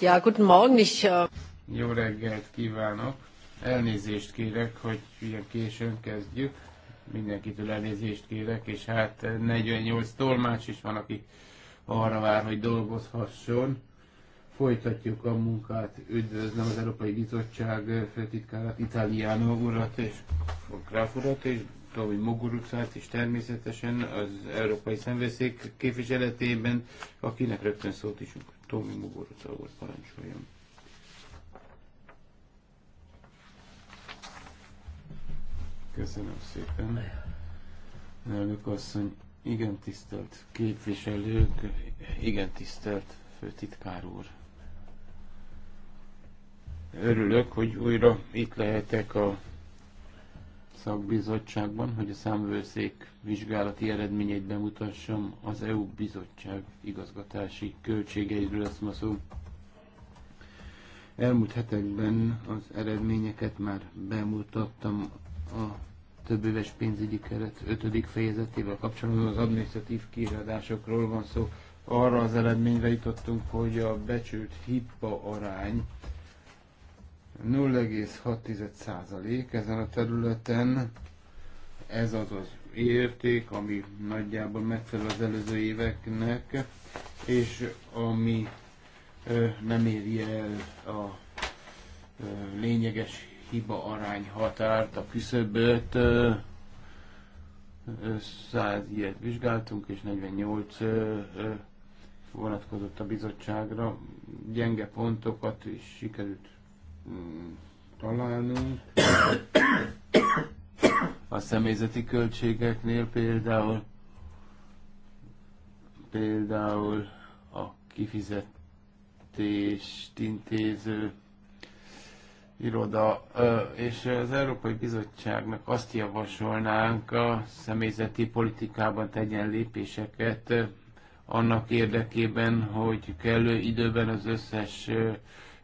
Ja, guten Morgen, ich... Äh, Jó reggelt kívánok! Elnézést kérek, hogy ilyen későn kezdjük. Mindenkitől elnézést kérek, és hát 48 tolmács is van, aki arra vár, hogy dolgozhasson. Folytatjuk a munkát, üdvözlöm az Európai Bizottság főtitkárát, Italiano urat és Graf urat, és Tomi Mogurucát is természetesen az Európai Szemveszék képviseletében, akinek rögtön szót is ugat. Tomi Muguruca úr parancsoljon. Köszönöm szépen. Elnök asszony, igen tisztelt képviselők, igen tisztelt főtitkár úr. Örülök, hogy újra itt lehetek a szakbizottságban, hogy a számvőszék vizsgálati eredményeit bemutassam az EU bizottság igazgatási költségeiről lesz ma szó. Elmúlt hetekben az eredményeket már bemutattam a több éves pénzügyi keret 5. fejezetével kapcsolatban az administratív kiadásokról van szó. Arra az eredményre jutottunk, hogy a becsült hippa arány 0,6% ezen a területen. Ez az az érték, ami nagyjából megfelel az előző éveknek, és ami ö, nem éri el a ö, lényeges hiba arány határt, a küszöböt. Ö, 100 ilyet vizsgáltunk, és 48 ö, ö, vonatkozott a bizottságra. Gyenge pontokat is sikerült találnunk. A személyzeti költségeknél például például a kifizetést intéző iroda, és az Európai Bizottságnak azt javasolnánk a személyzeti politikában tegyen lépéseket annak érdekében, hogy kellő időben az összes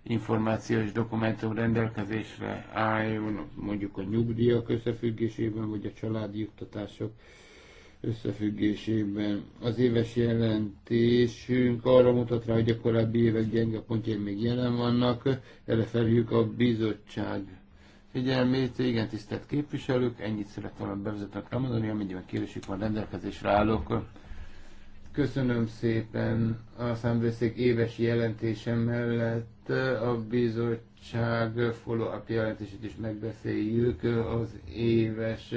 információs dokumentum rendelkezésre álljon, mondjuk a nyugdíjak összefüggésében, vagy a családi juttatások összefüggésében. Az éves jelentésünk arra mutat rá, hogy a korábbi évek gyenge pontjai még jelen vannak, erre felhívjuk a bizottság figyelmét. Igen, tisztelt képviselők, ennyit a bevezetnek elmondani, amennyiben kérdésük van rendelkezésre állok. Köszönöm szépen a számvőszék éves jelentése mellett a bizottság follow-up jelentését is megbeszéljük, az éves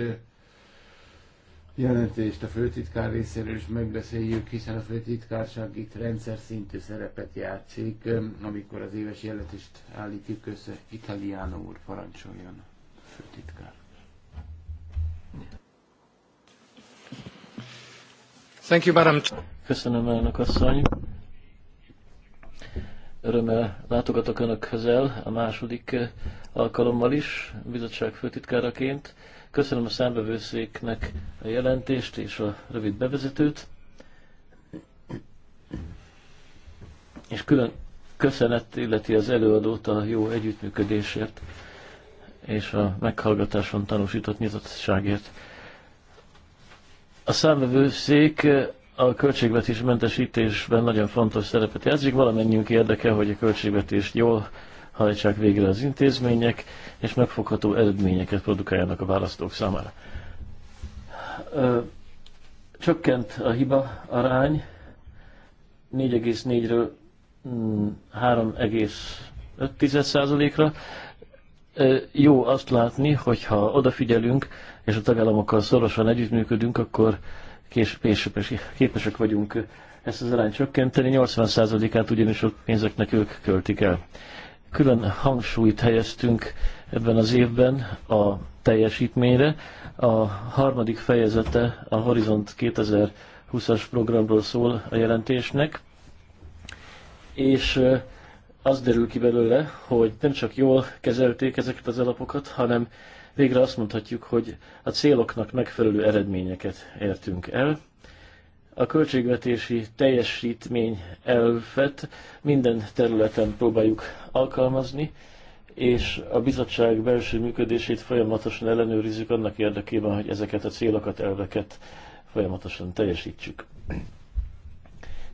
jelentést a főtitkár részéről is megbeszéljük, hiszen a főtitkárság itt rendszer szintű szerepet játszik, amikor az éves jelentést állítjuk össze. Italiano úr parancsoljon, főtitkár. Köszönöm, elnök asszony. Örömmel látogatok Önökhöz el a második eh, alkalommal is, a bizottság főtitkáraként. Köszönöm a számbevőszéknek a jelentést és a rövid bevezetőt. És külön köszönet illeti az előadót a jó együttműködésért és a meghallgatáson tanúsított nyitottságért. A számvevőszék a költségvetés mentesítésben nagyon fontos szerepet játszik. Valamennyiünk érdeke, hogy a költségvetést jól hajtsák végre az intézmények, és megfogható eredményeket produkáljanak a választók számára. Csökkent a hiba arány 4,4-ről 3,5%-ra. Mm, jó azt látni, hogyha odafigyelünk és a tagállamokkal szorosan együttműködünk, akkor képesek vagyunk ezt az arányt csökkenteni, 80%-át ugyanis a pénzeknek ők költik el. Külön hangsúlyt helyeztünk ebben az évben a teljesítményre. A harmadik fejezete a Horizont 2020-as programról szól a jelentésnek, és az derül ki belőle, hogy nem csak jól kezelték ezeket az alapokat, hanem végre azt mondhatjuk, hogy a céloknak megfelelő eredményeket értünk el. A költségvetési teljesítmény elvet minden területen próbáljuk alkalmazni, és a bizottság belső működését folyamatosan ellenőrizzük annak érdekében, hogy ezeket a célokat, elveket folyamatosan teljesítsük.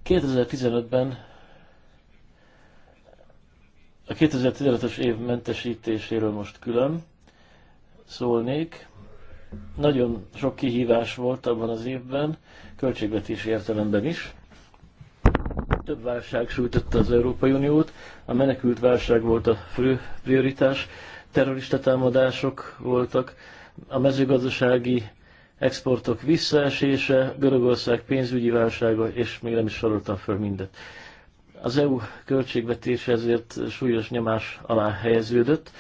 2015-ben a 2015-ös év mentesítéséről most külön, szólnék. Nagyon sok kihívás volt abban az évben, költségvetési értelemben is. Több válság sújtotta az Európai Uniót, a menekült válság volt a fő prioritás, terrorista támadások voltak, a mezőgazdasági exportok visszaesése, Görögország pénzügyi válsága, és még nem is soroltam föl mindet. Az EU költségvetése ezért súlyos nyomás alá helyeződött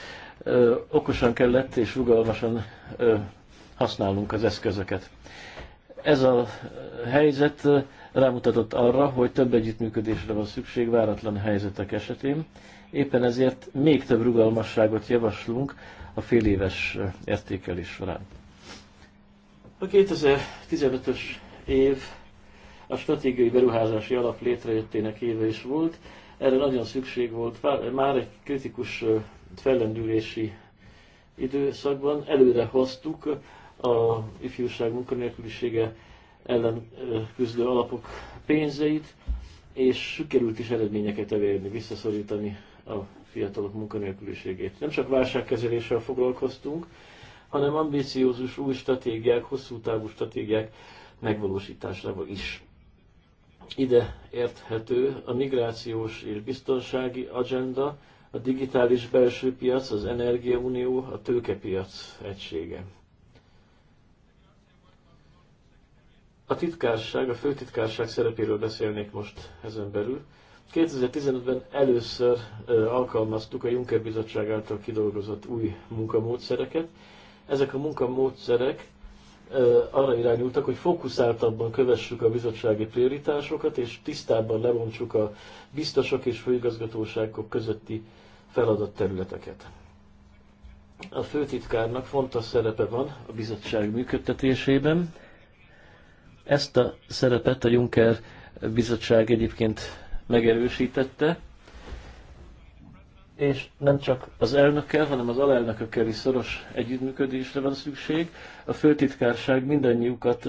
ö, okosan kellett és rugalmasan ö, használnunk az eszközöket. Ez a helyzet rámutatott arra, hogy több együttműködésre van szükség váratlan helyzetek esetén. Éppen ezért még több rugalmasságot javaslunk a féléves értékelés során. A 2015-ös év a stratégiai beruházási alap létrejöttének éve is volt. Erre nagyon szükség volt, már egy kritikus fellendülési időszakban előre hoztuk a ifjúság munkanélkülisége ellen küzdő alapok pénzeit, és sikerült is eredményeket elérni, visszaszorítani a fiatalok munkanélküliségét. Nem csak válságkezeléssel foglalkoztunk, hanem ambiciózus új stratégiák, hosszú távú stratégiák megvalósításával is. Ide érthető a migrációs és biztonsági agenda, a digitális belső piac, az energiaunió, a tőkepiac egysége. A titkárság, a főtitkárság szerepéről beszélnék most ezen belül. 2015-ben először alkalmaztuk a Juncker Bizottság által kidolgozott új munkamódszereket. Ezek a munkamódszerek arra irányultak, hogy fókuszáltabban kövessük a bizottsági prioritásokat, és tisztábban lebontsuk a biztosok és főigazgatóságok közötti feladott területeket. A főtitkárnak fontos szerepe van a bizottság működtetésében. Ezt a szerepet a Juncker bizottság egyébként megerősítette, és nem csak az elnökkel, hanem az alelnökökkel is szoros együttműködésre van szükség. A főtitkárság mindannyiukat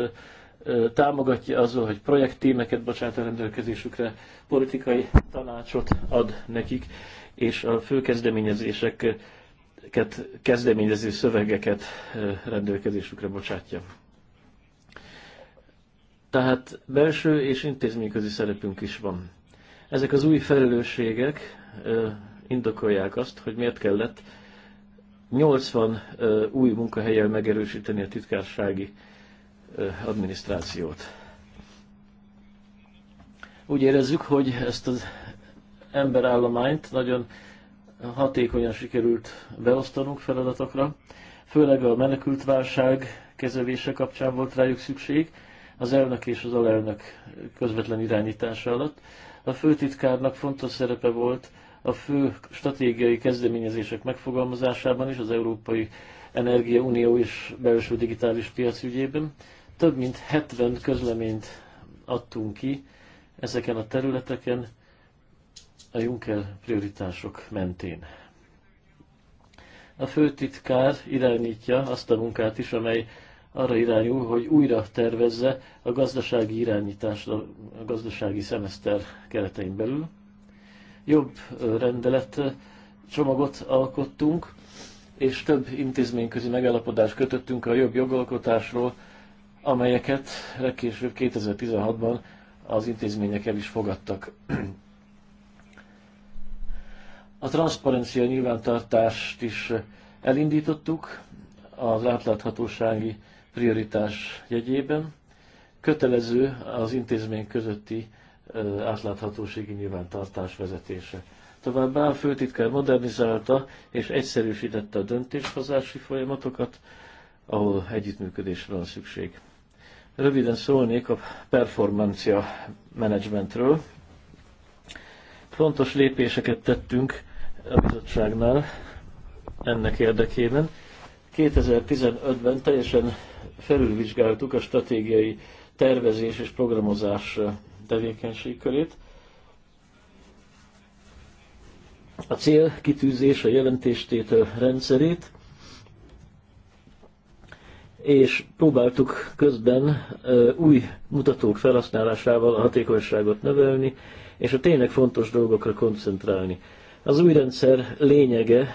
támogatja azzal, hogy projekttémeket bocsát a rendelkezésükre, politikai tanácsot ad nekik, és a fő kezdeményezéseket, kezdeményező szövegeket rendelkezésükre bocsátja. Tehát belső és intézményközi szerepünk is van. Ezek az új felelősségek indokolják azt, hogy miért kellett 80 új munkahelyel megerősíteni a titkársági adminisztrációt. Úgy érezzük, hogy ezt az emberállományt nagyon hatékonyan sikerült beosztanunk feladatokra. Főleg a menekültválság kezelése kapcsán volt rájuk szükség, az elnök és az alelnök közvetlen irányítása alatt. A főtitkárnak fontos szerepe volt a fő stratégiai kezdeményezések megfogalmazásában is, az Európai Energia Unió és belső digitális piac ügyében. Több mint 70 közleményt adtunk ki ezeken a területeken, a Juncker prioritások mentén. A főtitkár irányítja azt a munkát is, amely arra irányul, hogy újra tervezze a gazdasági irányítást a gazdasági szemeszter keretein belül. Jobb rendelet csomagot alkottunk, és több intézményközi megállapodást kötöttünk a jobb jogalkotásról, amelyeket legkésőbb 2016-ban az intézmények el is fogadtak. A transzparencia nyilvántartást is elindítottuk az átláthatósági prioritás jegyében. Kötelező az intézmény közötti átláthatósági nyilvántartás vezetése. Továbbá a főtitkár modernizálta és egyszerűsítette a döntéshozási folyamatokat, ahol együttműködésre van szükség. Röviden szólnék a performancia menedzsmentről. Fontos lépéseket tettünk a bizottságnál ennek érdekében. 2015-ben teljesen felülvizsgáltuk a stratégiai tervezés és programozás tevékenységkörét. A cél kitűzés a jelentéstétel rendszerét, és próbáltuk közben új mutatók felhasználásával a hatékonyságot növelni, és a tényleg fontos dolgokra koncentrálni. Az új rendszer lényege,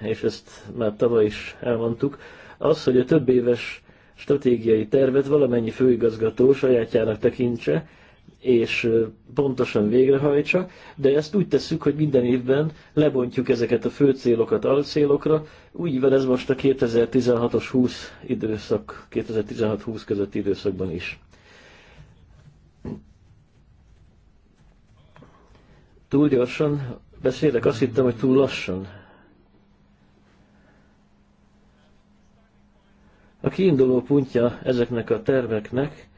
és ezt már tavaly is elmondtuk, az, hogy a több éves stratégiai tervet valamennyi főigazgató sajátjának tekintse, és pontosan végrehajtsa, de ezt úgy tesszük, hogy minden évben lebontjuk ezeket a fő célokat alcélokra, úgy van ez most a 2016-os 20 időszak, 2016-20 közötti időszakban is. Túl gyorsan beszélek, azt hittem, hogy túl lassan. A kiinduló pontja ezeknek a terveknek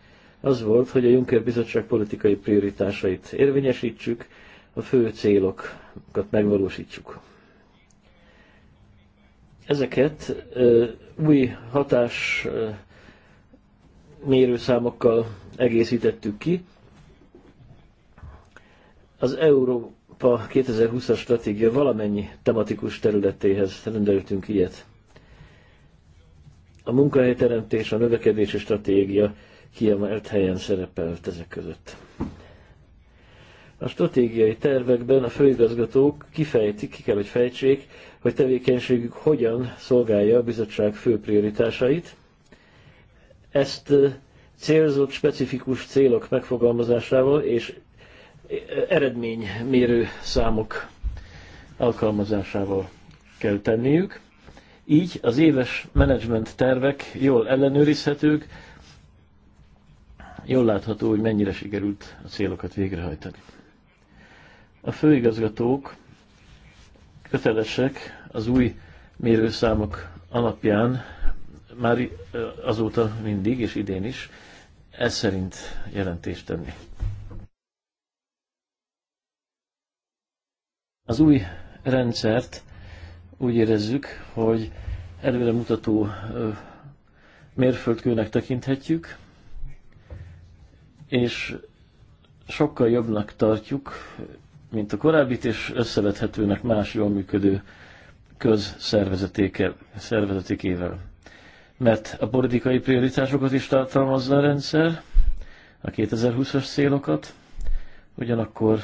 az volt, hogy a Juncker Bizottság politikai prioritásait érvényesítsük, a fő célokat megvalósítsuk. Ezeket ö, új hatás ö, mérőszámokkal egészítettük ki. Az euró Európa 2020-as stratégia valamennyi tematikus területéhez rendeltünk ilyet. A munkahelyteremtés, a növekedési stratégia kiemelt helyen szerepelt ezek között. A stratégiai tervekben a főigazgatók kifejtik, ki kell, hogy fejtsék, hogy tevékenységük hogyan szolgálja a bizottság fő prioritásait. Ezt célzott specifikus célok megfogalmazásával és eredménymérő számok alkalmazásával kell tenniük. Így az éves menedzsment tervek jól ellenőrizhetők, jól látható, hogy mennyire sikerült a célokat végrehajtani. A főigazgatók kötelesek az új mérőszámok alapján már azóta mindig, és idén is, ez szerint jelentést tenni. Az új rendszert úgy érezzük, hogy előremutató mérföldkőnek tekinthetjük, és sokkal jobbnak tartjuk, mint a korábbi és összevethetőnek más jól működő közszervezetékével. Mert a politikai prioritásokat is tartalmazza a rendszer, a 2020-as célokat, ugyanakkor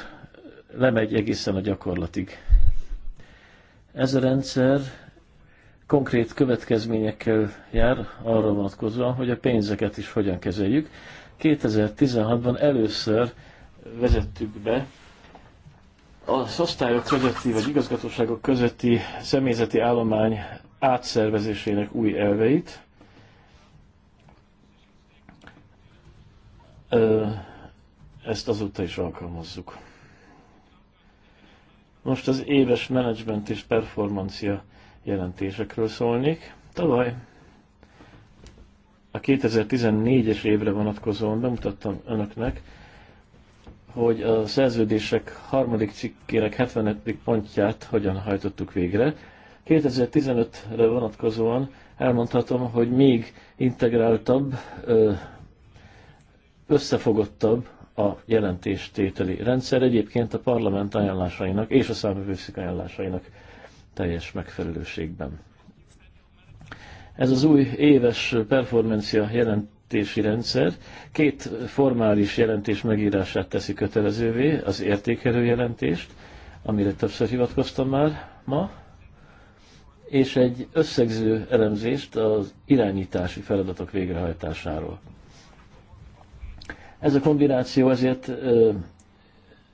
lemegy egészen a gyakorlatig. Ez a rendszer konkrét következményekkel jár arra vonatkozóan, hogy a pénzeket is hogyan kezeljük. 2016-ban először vezettük be az osztályok közötti, vagy igazgatóságok közötti személyzeti állomány átszervezésének új elveit. Ezt azóta is alkalmazzuk. Most az éves menedzsment és performancia jelentésekről szólnék. Tavaly a 2014-es évre vonatkozóan bemutattam önöknek, hogy a szerződések harmadik cikkének 75. pontját hogyan hajtottuk végre. 2015-re vonatkozóan elmondhatom, hogy még integráltabb, összefogottabb a jelentéstételi rendszer egyébként a parlament ajánlásainak és a számövőszik ajánlásainak teljes megfelelőségben. Ez az új éves performancia jelentési rendszer két formális jelentés megírását teszi kötelezővé, az értékelő jelentést, amire többször hivatkoztam már ma, és egy összegző elemzést az irányítási feladatok végrehajtásáról. Ez a kombináció ezért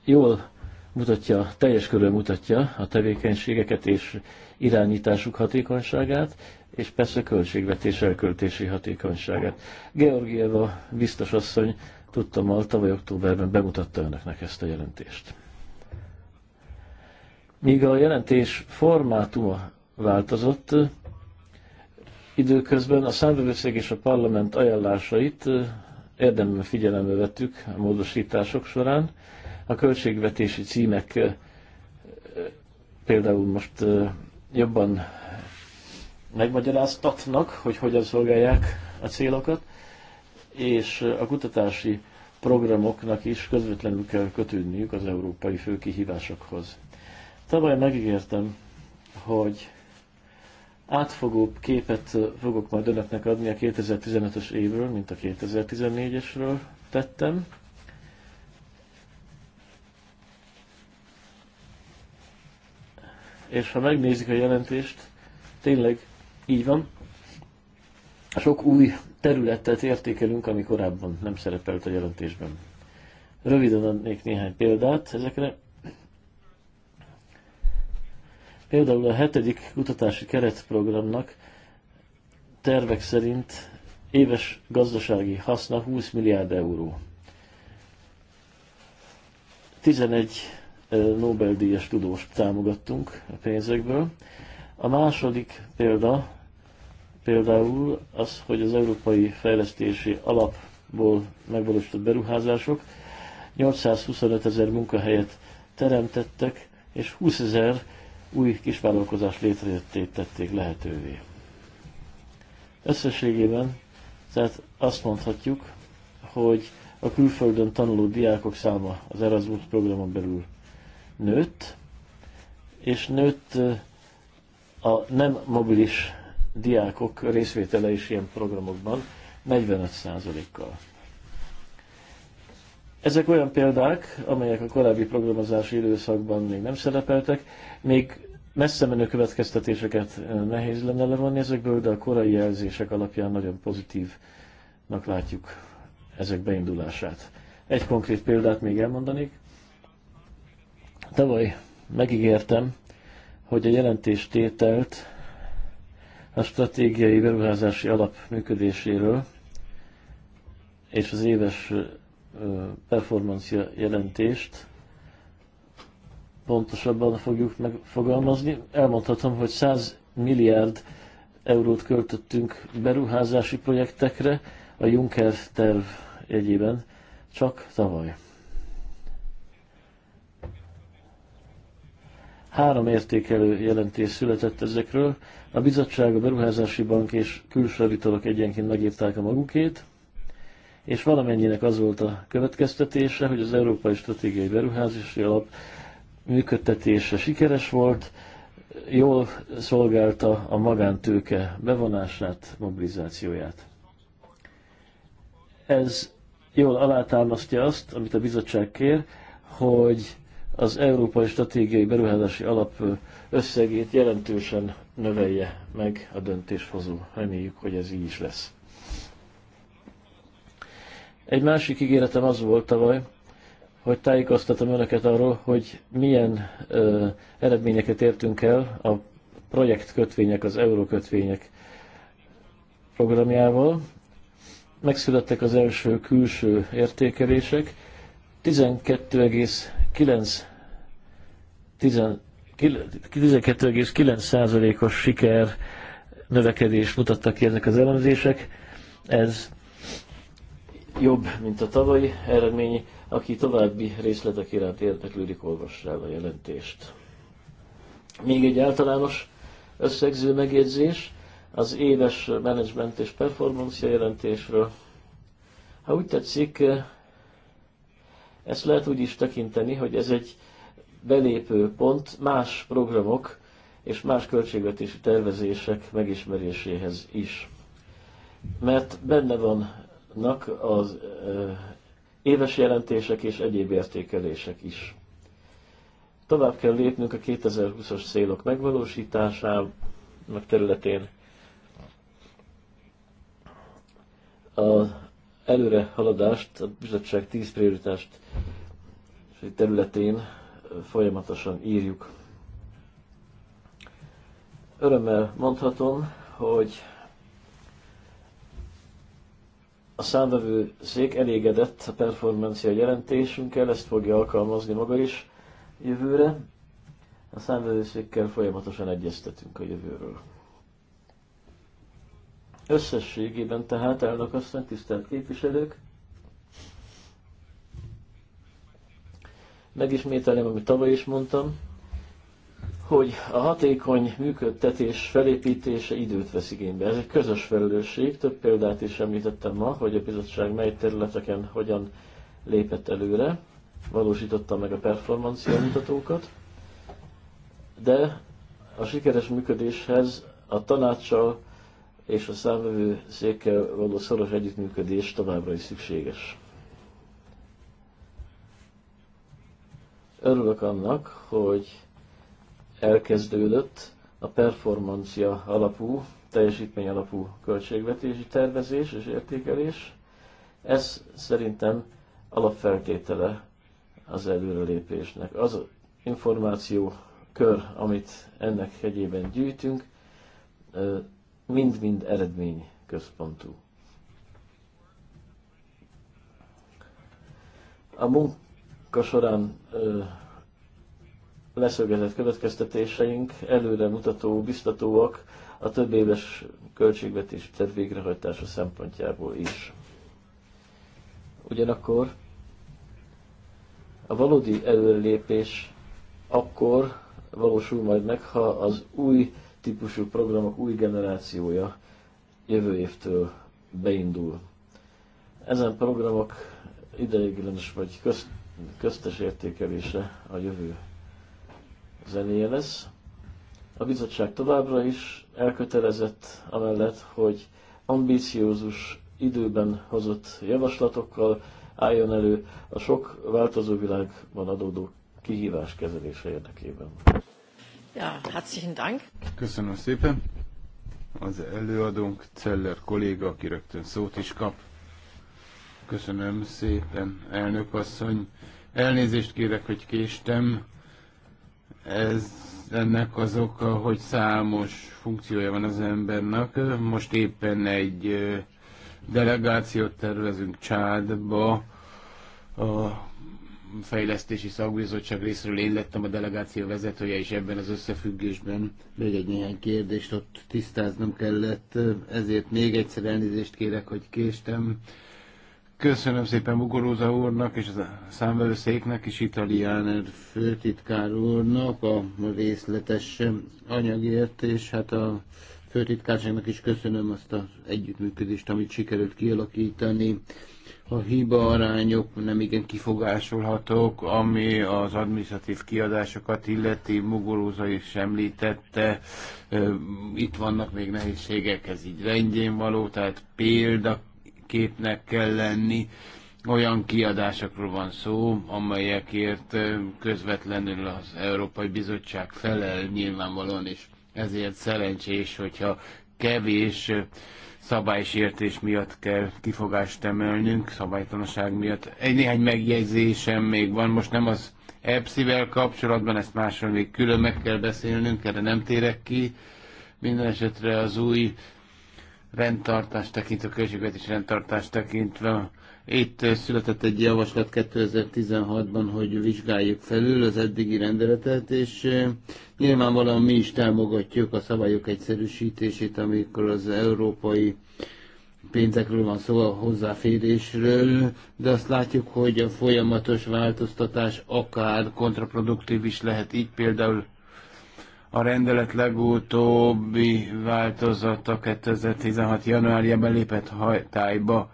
jól mutatja, teljes körül mutatja a tevékenységeket és irányításuk hatékonyságát, és persze költségvetés elköltési hatékonyságát. Georgieva biztos asszony tudtam, al tavaly októberben bemutatta önöknek ezt a jelentést. Míg a jelentés formátuma változott, időközben a számbevőszeg és a parlament ajánlásait érdemben figyelembe vettük a módosítások során. A költségvetési címek például most jobban megmagyaráztatnak, hogy hogyan szolgálják a célokat, és a kutatási programoknak is közvetlenül kell kötődniük az európai főkihívásokhoz. Tavaly megígértem, hogy átfogóbb képet fogok majd önöknek adni a 2015-ös évről, mint a 2014-esről tettem. És ha megnézik a jelentést, tényleg így van. Sok új területet értékelünk, ami korábban nem szerepelt a jelentésben. Röviden adnék néhány példát ezekre. Például a hetedik kutatási keretprogramnak tervek szerint éves gazdasági haszna 20 milliárd euró. 11 Nobel-díjas tudós támogattunk a pénzekből. A második példa például az, hogy az Európai Fejlesztési Alapból megvalósított beruházások 825 ezer munkahelyet teremtettek, és 20 ezer új kisvállalkozás létrejöttét tették lehetővé. Összességében tehát azt mondhatjuk, hogy a külföldön tanuló diákok száma az Erasmus programon belül nőtt, és nőtt eh, a nem mobilis diákok részvétele is ilyen programokban 45%-kal. Ezek olyan példák, amelyek a korábbi programozási időszakban még nem szerepeltek, még messze menő következtetéseket eh, nehéz lenne levonni ezekből, de a korai jelzések alapján nagyon pozitívnak látjuk ezek beindulását. Egy konkrét példát még elmondanék. Tavaly megígértem, hogy a jelentéstételt a stratégiai beruházási alap működéséről és az éves eh, performancia jelentést pontosabban fogjuk megfogalmazni. Elmondhatom, hogy 100 milliárd eurót költöttünk beruházási projektekre a Juncker terv egyében csak tavaly. Három értékelő jelentés született ezekről. A bizottság, a beruházási bank és külső vitorok egyenként megírták a magukét és valamennyinek az volt a következtetése, hogy az Európai Stratégiai Beruházási Alap működtetése sikeres volt, jól szolgálta a magántőke bevonását, mobilizációját. Ez jól alátámasztja azt, amit a bizottság kér, hogy az Európai Stratégiai Beruházási Alap összegét jelentősen növelje meg a döntéshozó. Reméljük, hogy ez így is lesz. Egy másik ígéretem az volt tavaly, hogy tájékoztatom önöket arról, hogy milyen ö, eredményeket értünk el a projektkötvények, az eurókötvények programjával. Megszülettek az első külső értékelések. 12,9 os os siker növekedés mutattak ki ezek az elemzések. Ez jobb, mint a tavalyi eredmény. Aki további részletek iránt érdeklődik, olvassa el a jelentést. Még egy általános összegző megjegyzés az éves menedzsment és performancia jelentésről. Ha úgy tetszik, ezt lehet úgy is tekinteni, hogy ez egy belépő pont más programok és más költségvetési tervezések megismeréséhez is. Mert benne van Nak az éves jelentések és egyéb értékelések is. Tovább kell lépnünk a 2020-as célok megvalósításának területén. Az előre haladást, a bizottság 10 prioritást területén folyamatosan írjuk. Örömmel mondhatom, hogy a számvevő szék elégedett a performancia jelentésünkkel, ezt fogja alkalmazni maga is jövőre. A számvevőszékkel folyamatosan egyeztetünk a jövőről. Összességében tehát elnök aztán tisztelt képviselők, Megismételem amit tavaly is mondtam, hogy a hatékony működtetés felépítése időt vesz igénybe. Ez egy közös felelősség, több példát is említettem ma, hogy a bizottság mely területeken hogyan lépett előre, valósította meg a performancia mutatókat, de a sikeres működéshez a tanácssal és a számvevő székkel való szoros együttműködés továbbra is szükséges. Örülök annak, hogy elkezdődött a performancia alapú, teljesítmény alapú költségvetési tervezés és értékelés. Ez szerintem alapfeltétele az előrelépésnek. Az információ kör, amit ennek hegyében gyűjtünk, mind-mind eredmény központú. A munka során leszögezett következtetéseink előre mutató, biztatóak a több éves költségvetési terv végrehajtása szempontjából is. Ugyanakkor a valódi előrelépés akkor valósul majd meg, ha az új típusú programok új generációja jövő évtől beindul. Ezen programok ideiglenes vagy közt, köztes értékelése a jövő zenéje lesz. A bizottság továbbra is elkötelezett amellett, hogy ambíciózus időben hozott javaslatokkal álljon elő a sok változó világban adódó kihívás kezelése érdekében. Ja, herzlichen Dank. Köszönöm szépen. Az előadónk Celler kolléga, aki rögtön szót is kap. Köszönöm szépen, elnök asszony. Elnézést kérek, hogy késtem. Ez ennek az oka, hogy számos funkciója van az embernek. Most éppen egy delegációt tervezünk Csádba. A fejlesztési szakbizottság részről én lettem a delegáció vezetője, és ebben az összefüggésben még egy néhány kérdést ott tisztáznom kellett, ezért még egyszer elnézést kérek, hogy késtem. Köszönöm szépen Bugoróza úrnak és a számvevőszéknek és Italián főtitkár úrnak a részletes anyagért, és hát a főtitkárságnak is köszönöm azt az együttműködést, amit sikerült kialakítani. A hiba arányok nem igen kifogásolhatók, ami az administratív kiadásokat illeti, Mugoróza is említette, itt vannak még nehézségek, ez így rendjén való, tehát példa képnek kell lenni. Olyan kiadásokról van szó, amelyekért közvetlenül az Európai Bizottság felel nyilvánvalóan, és ezért szerencsés, hogyha kevés szabálysértés miatt kell kifogást emelnünk, szabálytalanság miatt. Egy néhány megjegyzésem még van, most nem az EPSZ-vel kapcsolatban, ezt máshol még külön meg kell beszélnünk, erre nem térek ki. Minden esetre az új rendtartást tekintve, költségvetési rendtartást tekintve. Itt született egy javaslat 2016-ban, hogy vizsgáljuk felül az eddigi rendeletet, és eh, nyilvánvalóan mi is támogatjuk a szabályok egyszerűsítését, amikor az európai pénzekről van szó, a hozzáférésről, de azt látjuk, hogy a folyamatos változtatás akár kontraproduktív is lehet. Így például a rendelet legutóbbi változata 2016. januárjában lépett hajtályba,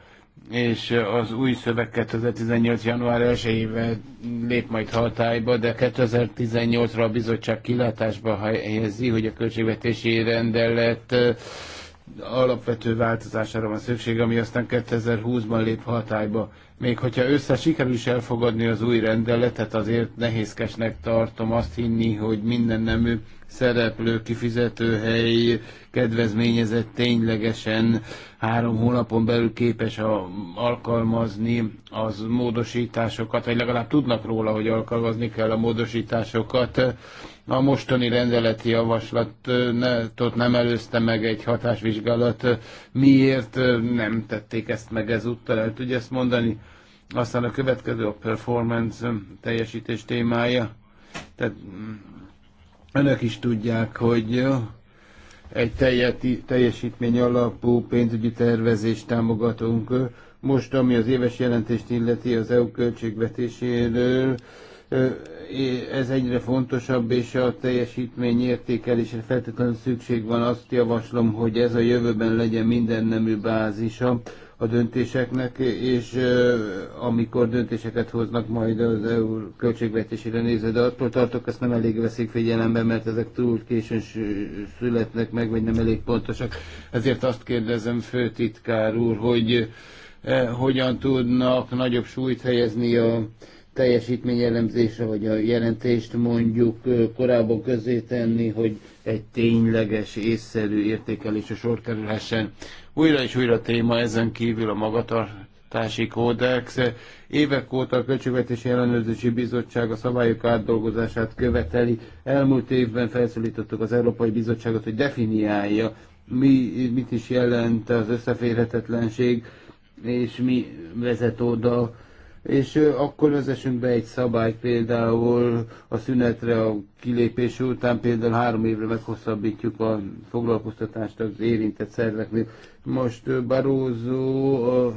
és az új szöveg 2018. január 1-ével lép majd hatályba, de 2018-ra a bizottság kilátásba helyezi, hogy a költségvetési rendelet alapvető változására van szükség, ami aztán 2020-ban lép hatályba még hogyha össze sikerül is elfogadni az új rendeletet, azért nehézkesnek tartom azt hinni, hogy minden nemű szereplő, kifizetőhely, kedvezményezett ténylegesen három hónapon belül képes a, alkalmazni az módosításokat, vagy legalább tudnak róla, hogy alkalmazni kell a módosításokat. A mostani rendeleti javaslatot nem előzte meg egy hatásvizsgálat. Miért nem tették ezt meg ezúttal? El tudja ezt mondani? Aztán a következő a performance um, teljesítés témája. Tehát um, önök is tudják, hogy uh, egy teljesítmény alapú pénzügyi tervezést támogatunk. Uh, most, ami az éves jelentést illeti az EU költségvetéséről, uh, ez egyre fontosabb, és a teljesítmény értékelésre feltétlenül szükség van. Azt javaslom, hogy ez a jövőben legyen minden nemű bázisa a döntéseknek, és amikor döntéseket hoznak majd az EU költségvetésére nézve, de attól tartok, ezt nem elég veszik figyelembe, mert ezek túl későn születnek meg, vagy nem elég pontosak. Ezért azt kérdezem főtitkár úr, hogy hogyan tudnak nagyobb súlyt helyezni a elemzése, vagy a jelentést mondjuk korábban közé tenni, hogy egy tényleges, észszerű a sor kerülhessen. Újra és újra téma ezen kívül a magatartási kódex. Évek óta a Költségvetési Ellenőrzési Bizottság a szabályok átdolgozását követeli. Elmúlt évben felszólítottuk az Európai Bizottságot, hogy definiálja, mi, mit is jelent az összeférhetetlenség, és mi vezet oda, és akkor vezessünk be egy szabályt például a szünetre, a kilépés után például három évre meghosszabbítjuk a foglalkoztatást az érintett szerveknél. Most Barózó a,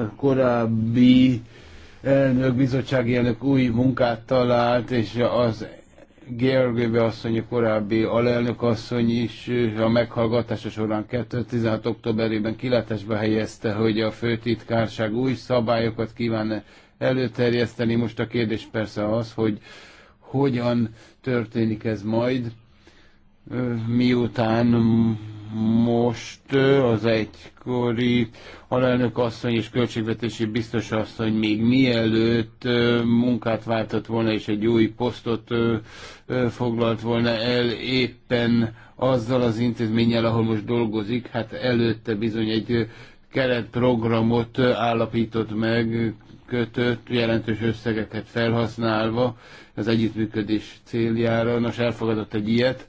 a korábbi elnök, bizottsági elnök új munkát talált, és az Gergőbe asszony, a korábbi alelnök asszony is a meghallgatása során 2016. októberében kiletesbe helyezte, hogy a főtitkárság új szabályokat kíván előterjeszteni. Most a kérdés persze az, hogy hogyan történik ez majd, miután most az egykori alelnök asszony és költségvetési biztos asszony még mielőtt munkát váltott volna és egy új posztot foglalt volna el éppen azzal az intézménnyel, ahol most dolgozik, hát előtte bizony egy keretprogramot állapított meg, kötött, jelentős összegeket felhasználva az együttműködés céljára. Nos, elfogadott egy ilyet,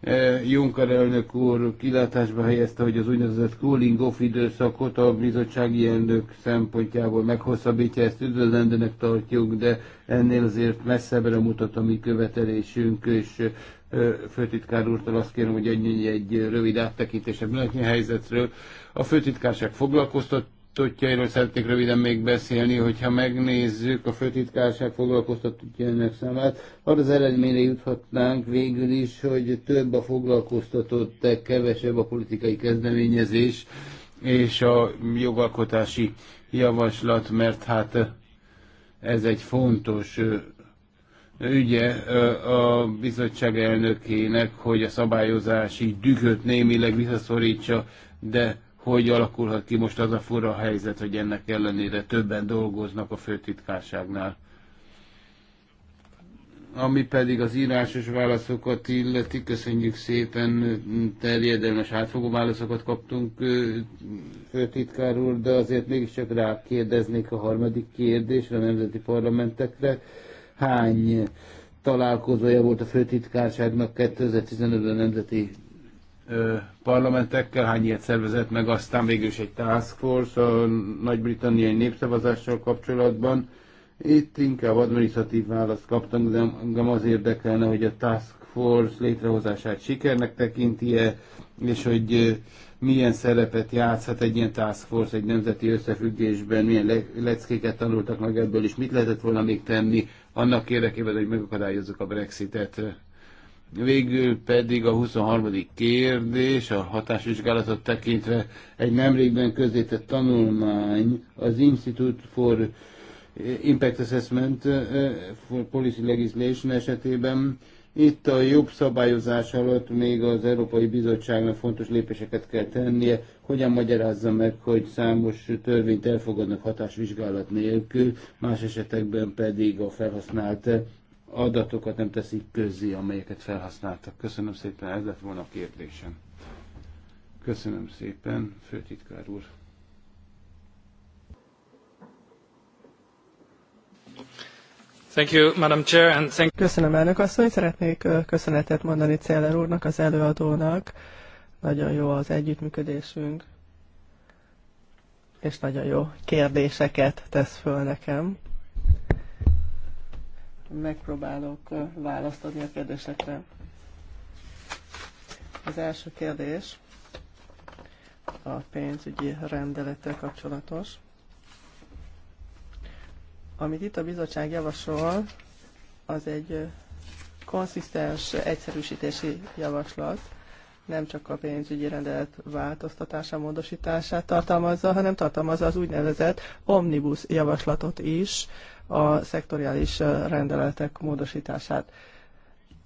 E, Juncker elnök úr kilátásba helyezte, hogy az úgynevezett cooling off időszakot a bizottsági elnök szempontjából meghosszabbítja, ezt üdvözlendőnek tartjuk, de ennél azért messzebbre mutat a mi követelésünk, és e, főtitkár úrtól azt kérem, hogy egy, egy rövid áttekintése a helyzetről. A főtitkárság foglalkoztat foglalkoztatottjairól szeretnék röviden még beszélni, hogyha megnézzük a főtitkárság foglalkoztatottjainak számát, arra az eredményre juthatnánk végül is, hogy több a foglalkoztatott, kevesebb a politikai kezdeményezés és a jogalkotási javaslat, mert hát ez egy fontos ügye a bizottság elnökének, hogy a szabályozási dühöt némileg visszaszorítsa, de hogy alakulhat ki most az a fura helyzet, hogy ennek ellenére többen dolgoznak a főtitkárságnál. Ami pedig az írásos válaszokat illeti, köszönjük szépen, terjedelmes átfogó válaszokat kaptunk főtitkár úr, de azért mégiscsak kérdeznék a harmadik kérdésre, a nemzeti parlamentekre. Hány találkozója volt a főtitkárságnak 2015-ben nemzeti parlamentekkel, hány ilyet szervezett meg, aztán végül is egy task force a nagy-britanniai népszavazással kapcsolatban. Itt inkább administratív választ kaptam, de engem az érdekelne, hogy a task force létrehozását sikernek tekinti-e, és hogy milyen szerepet játszhat egy ilyen task force egy nemzeti összefüggésben, milyen leckéket tanultak meg ebből, és mit lehetett volna még tenni annak érdekében, hogy megakadályozzuk a Brexitet. Végül pedig a 23. kérdés, a hatásvizsgálatot tekintve egy nemrégben közzétett tanulmány az Institute for Impact Assessment eh, for Policy Legislation esetében itt a jobb szabályozás alatt még az Európai Bizottságnak fontos lépéseket kell tennie. Hogyan magyarázza meg, hogy számos törvényt elfogadnak hatásvizsgálat nélkül, más esetekben pedig a felhasznált adatokat nem teszik közzé, amelyeket felhasználtak. Köszönöm szépen, ez lett volna a kérdésem. Köszönöm szépen, főtitkár úr. Thank you, Madam Chair, and thank Köszönöm, elnök asszony. Szeretnék köszönetet mondani Céler úrnak, az előadónak. Nagyon jó az együttműködésünk, és nagyon jó kérdéseket tesz föl nekem megpróbálok választ adni a kérdésekre. Az első kérdés a pénzügyi rendelettel kapcsolatos. Amit itt a bizottság javasol, az egy konszisztens egyszerűsítési javaslat, nem csak a pénzügyi rendelet változtatása, módosítását tartalmazza, hanem tartalmazza az úgynevezett omnibus javaslatot is, a szektoriális rendeletek módosítását.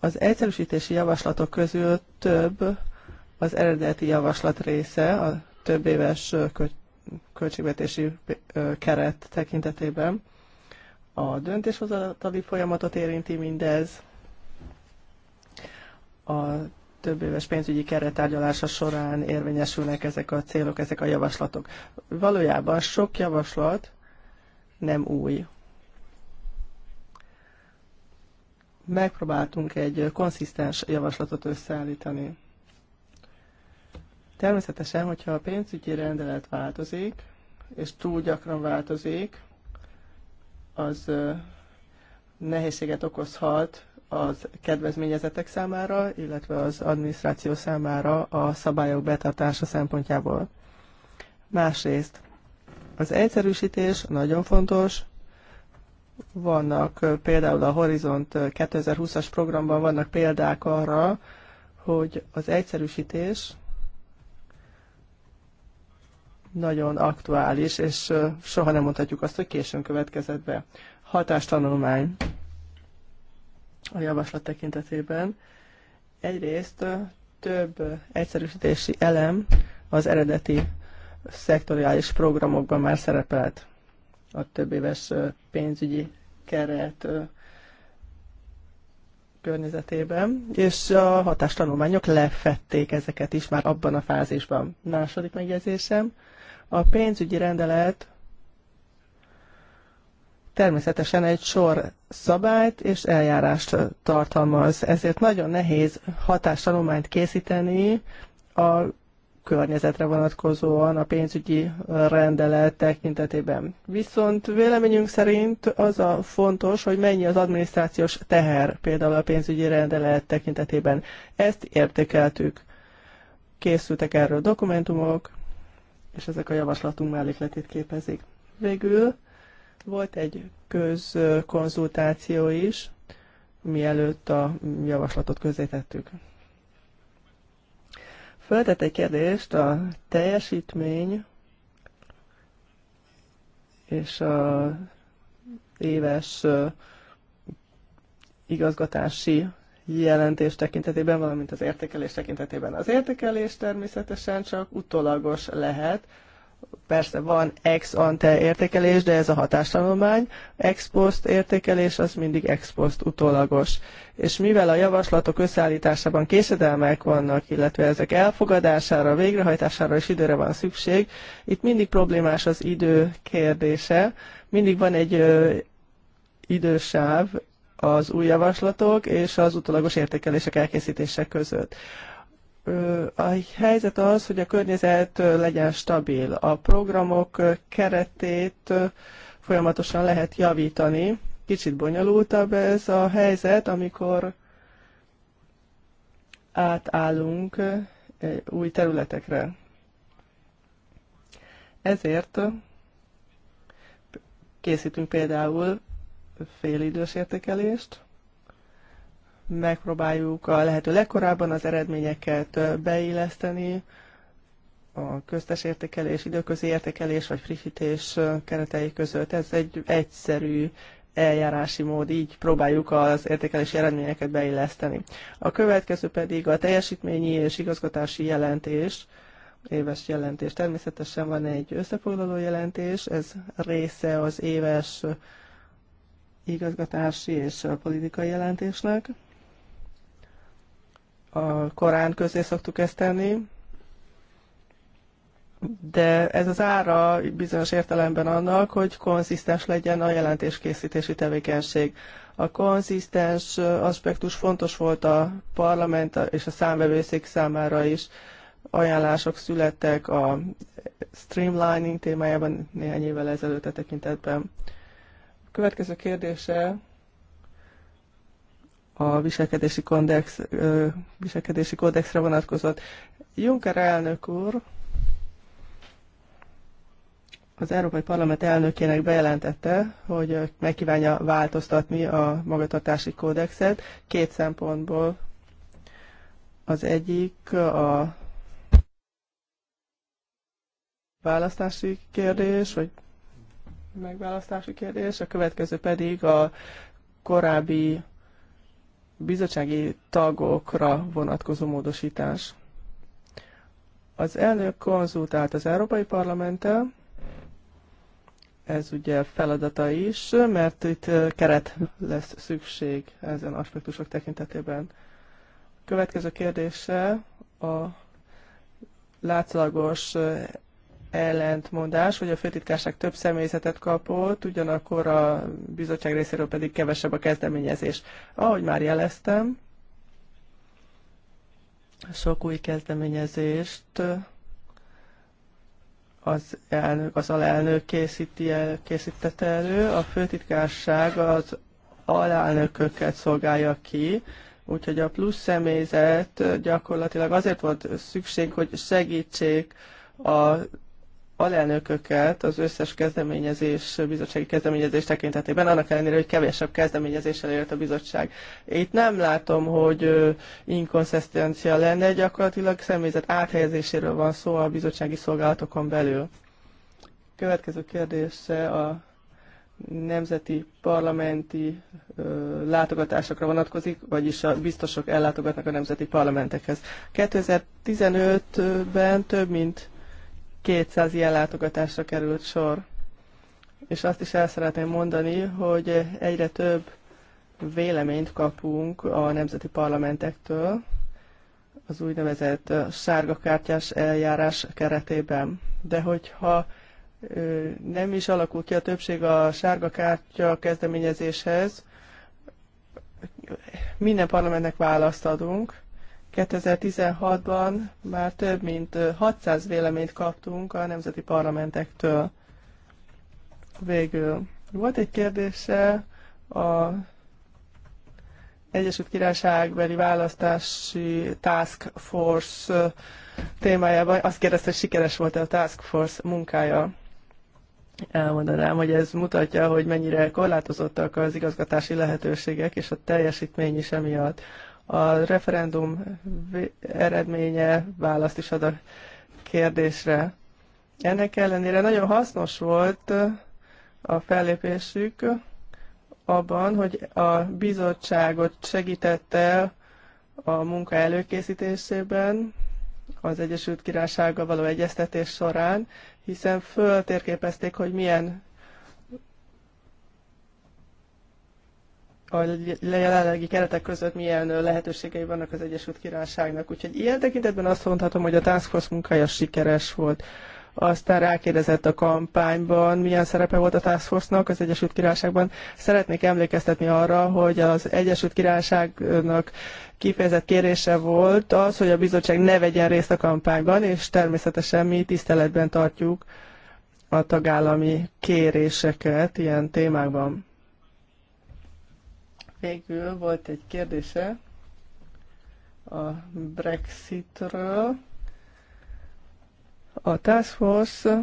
Az egyszerűsítési javaslatok közül több az eredeti javaslat része, a több éves költségvetési keret tekintetében. A döntéshozatali folyamatot érinti mindez, a több éves pénzügyi kerettárgyalása során érvényesülnek ezek a célok, ezek a javaslatok. Valójában sok javaslat nem új. Megpróbáltunk egy konszisztens javaslatot összeállítani. Természetesen, hogyha a pénzügyi rendelet változik, és túl gyakran változik, az nehézséget okozhat az kedvezményezetek számára, illetve az adminisztráció számára a szabályok betartása szempontjából. Másrészt, az egyszerűsítés nagyon fontos, vannak például a Horizont 2020-as programban vannak példák arra, hogy az egyszerűsítés nagyon aktuális, és soha nem mondhatjuk azt, hogy későn következett be. Hatástanulmány a javaslat tekintetében. Egyrészt több egyszerűsítési elem az eredeti szektoriális programokban már szerepelt a több éves pénzügyi keret környezetében, és a hatástanulmányok lefették ezeket is már abban a fázisban. Második megjegyzésem, a pénzügyi rendelet természetesen egy sor szabályt és eljárást tartalmaz. Ezért nagyon nehéz hatástanulmányt készíteni a környezetre vonatkozóan a pénzügyi rendelet tekintetében. Viszont véleményünk szerint az a fontos, hogy mennyi az adminisztrációs teher például a pénzügyi rendelet tekintetében. Ezt értékeltük. Készültek erről dokumentumok, és ezek a javaslatunk mellékletét képezik. Végül volt egy közkonzultáció is, mielőtt a javaslatot közzétettük. Föltett egy kérdést a teljesítmény és a éves igazgatási jelentés tekintetében, valamint az értékelés tekintetében. Az értékelés természetesen csak utólagos lehet, Persze van ex ante értékelés, de ez a hatástanulmány. Ex post értékelés az mindig ex post utólagos. És mivel a javaslatok összeállításában késedelmek vannak, illetve ezek elfogadására, végrehajtására is időre van szükség, itt mindig problémás az idő kérdése. Mindig van egy ö, idősáv az új javaslatok és az utólagos értékelések elkészítése között a helyzet az, hogy a környezet legyen stabil. A programok keretét folyamatosan lehet javítani. Kicsit bonyolultabb ez a helyzet, amikor átállunk új területekre. Ezért készítünk például félidős értékelést, megpróbáljuk a lehető legkorábban az eredményeket beilleszteni a köztes értékelés, időközi értékelés vagy frissítés keretei között. Ez egy egyszerű eljárási mód, így próbáljuk az értékelési eredményeket beilleszteni. A következő pedig a teljesítményi és igazgatási jelentés, éves jelentés. Természetesen van egy összefoglaló jelentés, ez része az éves igazgatási és politikai jelentésnek a Korán közé szoktuk ezt tenni, de ez az ára bizonyos értelemben annak, hogy konzisztens legyen a jelentéskészítési tevékenység. A konzisztens aspektus fontos volt a parlament és a számvevőszék számára is. Ajánlások születtek a streamlining témájában néhány évvel ezelőtt a tekintetben. A következő kérdése a viselkedési, kondex, viselkedési kódexre vonatkozott. Juncker elnök úr az Európai Parlament elnökének bejelentette, hogy megkívánja változtatni a magatartási kódexet két szempontból. Az egyik a választási kérdés, vagy megválasztási kérdés, a következő pedig a korábbi bizottsági tagokra vonatkozó módosítás. Az elnök konzultált az Európai Parlamenttel, ez ugye feladata is, mert itt keret lesz szükség ezen aspektusok tekintetében. Következő kérdése a látszalagos ellentmondás, hogy a főtitkárság több személyzetet kapott, ugyanakkor a bizottság részéről pedig kevesebb a kezdeményezés. Ahogy már jeleztem, sok új kezdeményezést az, elnök, az alelnök készíti el, készítette elő, a főtitkárság az alelnököket szolgálja ki, úgyhogy a plusz személyzet gyakorlatilag azért volt szükség, hogy segítsék a alelnököket az összes kezdeményezés, bizottsági kezdeményezés tekintetében, annak ellenére, hogy kevesebb kezdeményezéssel élt a bizottság. Itt nem látom, hogy inkonszisztencia lenne, gyakorlatilag személyzet áthelyezéséről van szó a bizottsági szolgálatokon belül. Következő kérdése a nemzeti parlamenti ö, látogatásokra vonatkozik, vagyis a biztosok ellátogatnak a nemzeti parlamentekhez. 2015-ben több mint 200 ilyen látogatásra került sor. És azt is el szeretném mondani, hogy egyre több véleményt kapunk a nemzeti parlamentektől az úgynevezett sárga kártyás eljárás keretében. De hogyha nem is alakul ki a többség a sárga kártya kezdeményezéshez, minden parlamentnek választ adunk, 2016-ban már több mint 600 véleményt kaptunk a nemzeti parlamentektől. Végül volt egy kérdése a Egyesült Királyságbeli választási Task Force témájában. Azt kérdezte, hogy sikeres volt-e a Task Force munkája. Elmondanám, hogy ez mutatja, hogy mennyire korlátozottak az igazgatási lehetőségek és a teljesítmény is emiatt. A referendum eredménye választ is ad a kérdésre. Ennek ellenére nagyon hasznos volt a fellépésük abban, hogy a bizottságot segítette a munka előkészítésében, az Egyesült Királysággal való egyeztetés során, hiszen föltérképezték, hogy milyen a jelenlegi keretek között milyen lehetőségei vannak az Egyesült Királyságnak. Úgyhogy ilyen tekintetben azt mondhatom, hogy a Task Force munkája sikeres volt. Aztán rákérdezett a kampányban, milyen szerepe volt a Task Force-nak az Egyesült Királyságban. Szeretnék emlékeztetni arra, hogy az Egyesült Királyságnak kifejezett kérése volt az, hogy a bizottság ne vegyen részt a kampányban, és természetesen mi tiszteletben tartjuk a tagállami kéréseket ilyen témákban Végül volt egy kérdése a Brexitről. A Task Force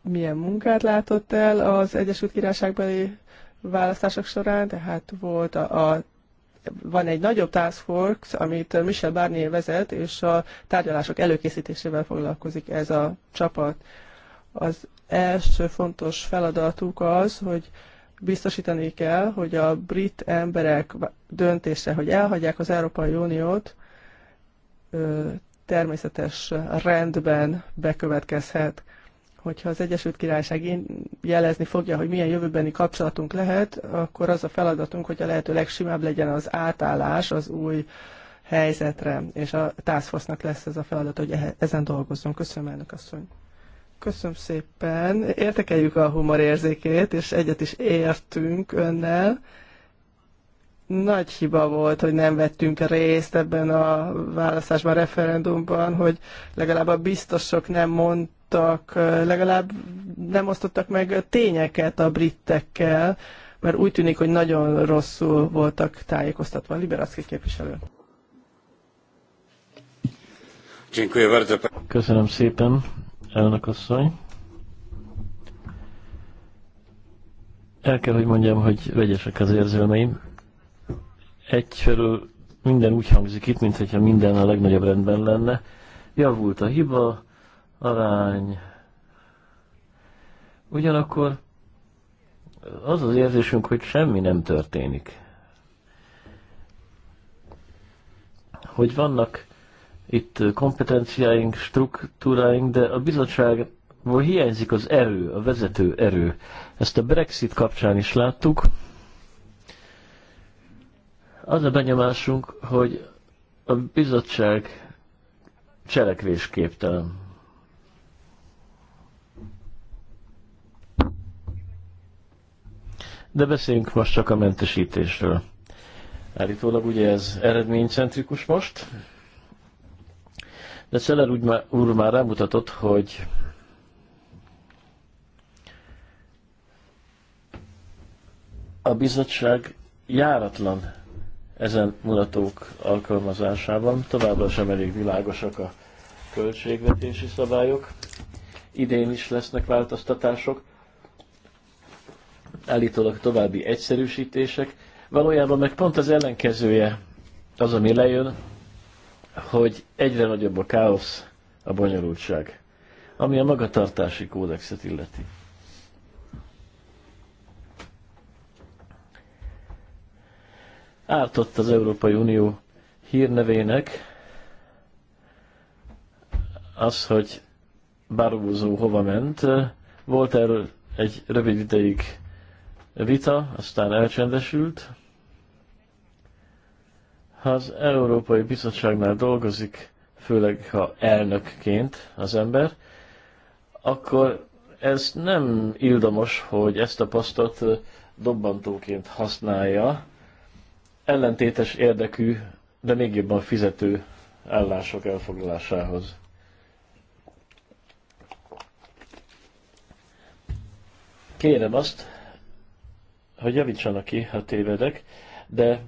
milyen munkát látott el az Egyesült Királyságbeli választások során, tehát volt a, a van egy nagyobb task force, amit Michel Barnier vezet, és a tárgyalások előkészítésével foglalkozik ez a csapat. Az első fontos feladatuk az, hogy biztosítani kell, hogy a brit emberek döntése, hogy elhagyják az Európai Uniót, természetes rendben bekövetkezhet. Hogyha az Egyesült Királyság jelezni fogja, hogy milyen jövőbeni kapcsolatunk lehet, akkor az a feladatunk, hogy a lehető legsimább legyen az átállás az új helyzetre, és a Task lesz ez a feladat, hogy ezen dolgozzon. Köszönöm, elnök asszony! Köszönöm szépen. Értekeljük a humor érzékét, és egyet is értünk önnel. Nagy hiba volt, hogy nem vettünk részt ebben a választásban, a referendumban, hogy legalább a biztosok nem mondtak, legalább nem osztottak meg tényeket a britekkel, mert úgy tűnik, hogy nagyon rosszul voltak tájékoztatva. Liberacki képviselő. Köszönöm szépen asszony. El kell, hogy mondjam, hogy vegyesek az érzelmeim. Egyfelől minden úgy hangzik itt, mintha minden a legnagyobb rendben lenne. Javult a hiba, arány. Ugyanakkor az az érzésünk, hogy semmi nem történik. Hogy vannak itt kompetenciáink, struktúráink, de a bizottságból hiányzik az erő, a vezető erő. Ezt a Brexit kapcsán is láttuk. Az a benyomásunk, hogy a bizottság cselekvésképtelen. De beszéljünk most csak a mentesítésről. Állítólag ugye ez eredménycentrikus most. De Szeller úr már rámutatott, hogy a bizottság járatlan ezen mutatók alkalmazásában, továbbra sem elég világosak a költségvetési szabályok, idén is lesznek változtatások, állítólag további egyszerűsítések, valójában meg pont az ellenkezője az, ami lejön, hogy egyre nagyobb a káosz, a bonyolultság, ami a magatartási kódexet illeti. Ártott az Európai Unió hírnevének az, hogy Barroso hova ment. Volt erről egy rövid ideig vita, aztán elcsendesült, ha az Európai Bizottságnál dolgozik, főleg ha elnökként az ember, akkor ez nem ildomos, hogy ezt a posztot dobbantóként használja ellentétes érdekű, de még jobban fizető állások elfoglalásához. Kérem azt, hogy javítsanak ki, ha tévedek, de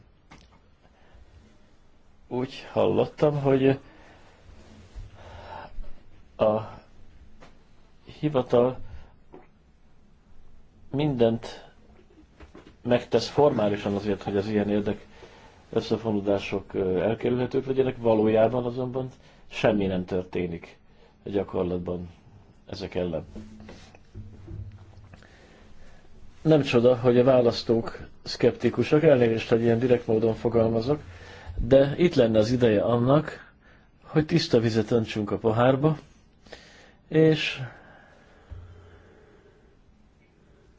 úgy hallottam, hogy a hivatal mindent megtesz formálisan azért, hogy az ilyen érdek összefonódások elkerülhetők legyenek, valójában azonban semmi nem történik a gyakorlatban ezek ellen. Nem csoda, hogy a választók szkeptikusak, elnézést, hogy ilyen direkt módon fogalmazok, de itt lenne az ideje annak, hogy tiszta vizet öntsünk a pohárba, és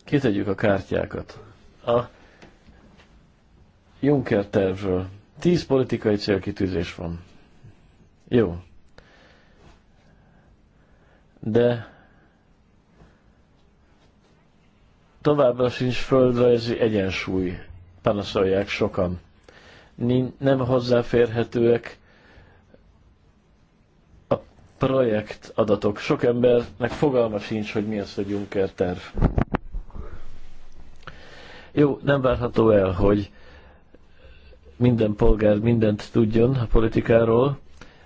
kitegyük a kártyákat. A Juncker tervről. Tíz politikai célkitűzés van. Jó. De továbbra sincs földrajzi egyensúly, panaszolják sokan nem hozzáférhetőek a projekt adatok. Sok embernek fogalma sincs, hogy mi az a Juncker terv. Jó, nem várható el, hogy minden polgár mindent tudjon a politikáról,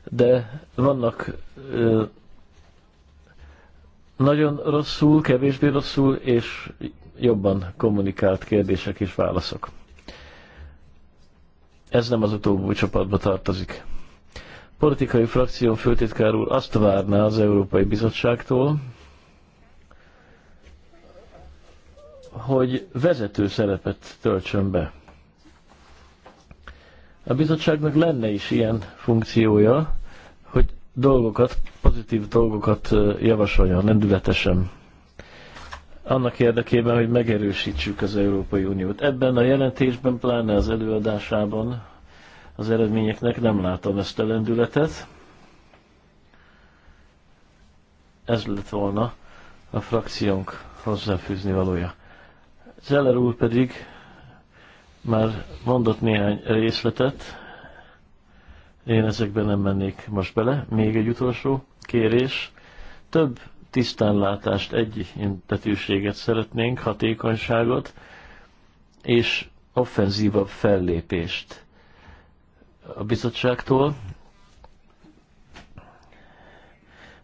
de vannak ö, nagyon rosszul, kevésbé rosszul és jobban kommunikált kérdések és válaszok ez nem az utóbbi csapatba tartozik. Politikai frakció főtitkár úr azt várná az Európai Bizottságtól, hogy vezető szerepet töltsön be. A bizottságnak lenne is ilyen funkciója, hogy dolgokat, pozitív dolgokat javasoljon, lendületesen annak érdekében, hogy megerősítsük az Európai Uniót. Ebben a jelentésben, pláne az előadásában az eredményeknek nem látom ezt a lendületet. Ez lett volna a frakciónk hozzáfűzni valója. Zeller úr pedig már mondott néhány részletet, én ezekben nem mennék most bele. Még egy utolsó kérés. Több tisztánlátást, egyintetűséget szeretnénk, hatékonyságot, és offenzívabb fellépést a bizottságtól.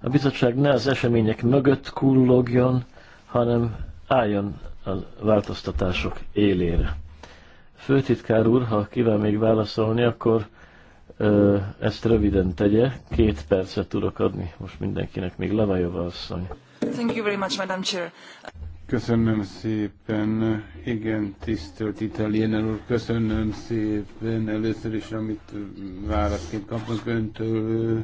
A bizottság ne az események mögött kullogjon, hanem álljon a változtatások élére. Főtitkár úr, ha kíván még válaszolni, akkor ezt röviden tegye. Két percet tudok adni most mindenkinek, még Lavajova asszony. Thank you very much, Madam Chair. Köszönöm szépen. Igen, tisztelt Italiener úr, köszönöm szépen. Először is, amit válaszként kapok öntől,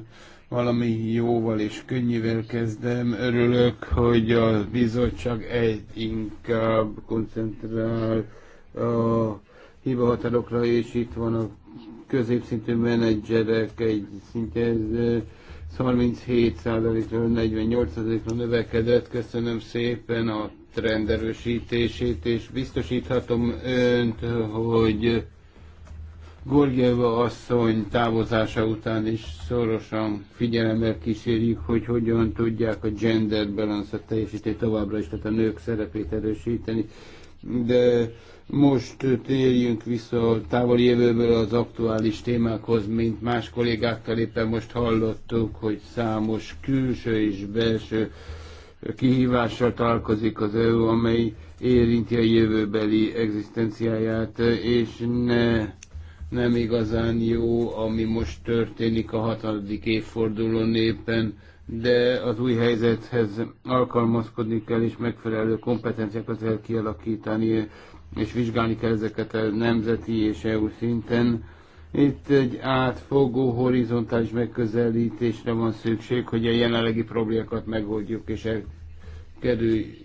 valami jóval és könnyűvel kezdem. Örülök, hogy a bizottság egy inkább koncentrál a hibahatárokra, és itt van a középszintű menedzserek egy szintje 37%-ról 48%-ra növekedett. Köszönöm szépen a trend erősítését, és biztosíthatom önt, hogy Gorgyeva asszony távozása után is szorosan figyelemmel kísérjük, hogy hogyan tudják a gender balance-ot teljesíteni továbbra is, tehát a nők szerepét erősíteni. De most térjünk vissza a távoli jövőből az aktuális témákhoz, mint más kollégákkal éppen most hallottuk, hogy számos külső és belső kihívással találkozik az EU, amely érinti a jövőbeli egzisztenciáját, és ne, nem igazán jó, ami most történik a hatanadik évfordulón éppen, de az új helyzethez alkalmazkodni kell, és megfelelő kompetenciákat kell kialakítani és vizsgálni kell ezeket a nemzeti és EU szinten. Itt egy átfogó, horizontális megközelítésre van szükség, hogy a jelenlegi problémákat megoldjuk, és elkerüljük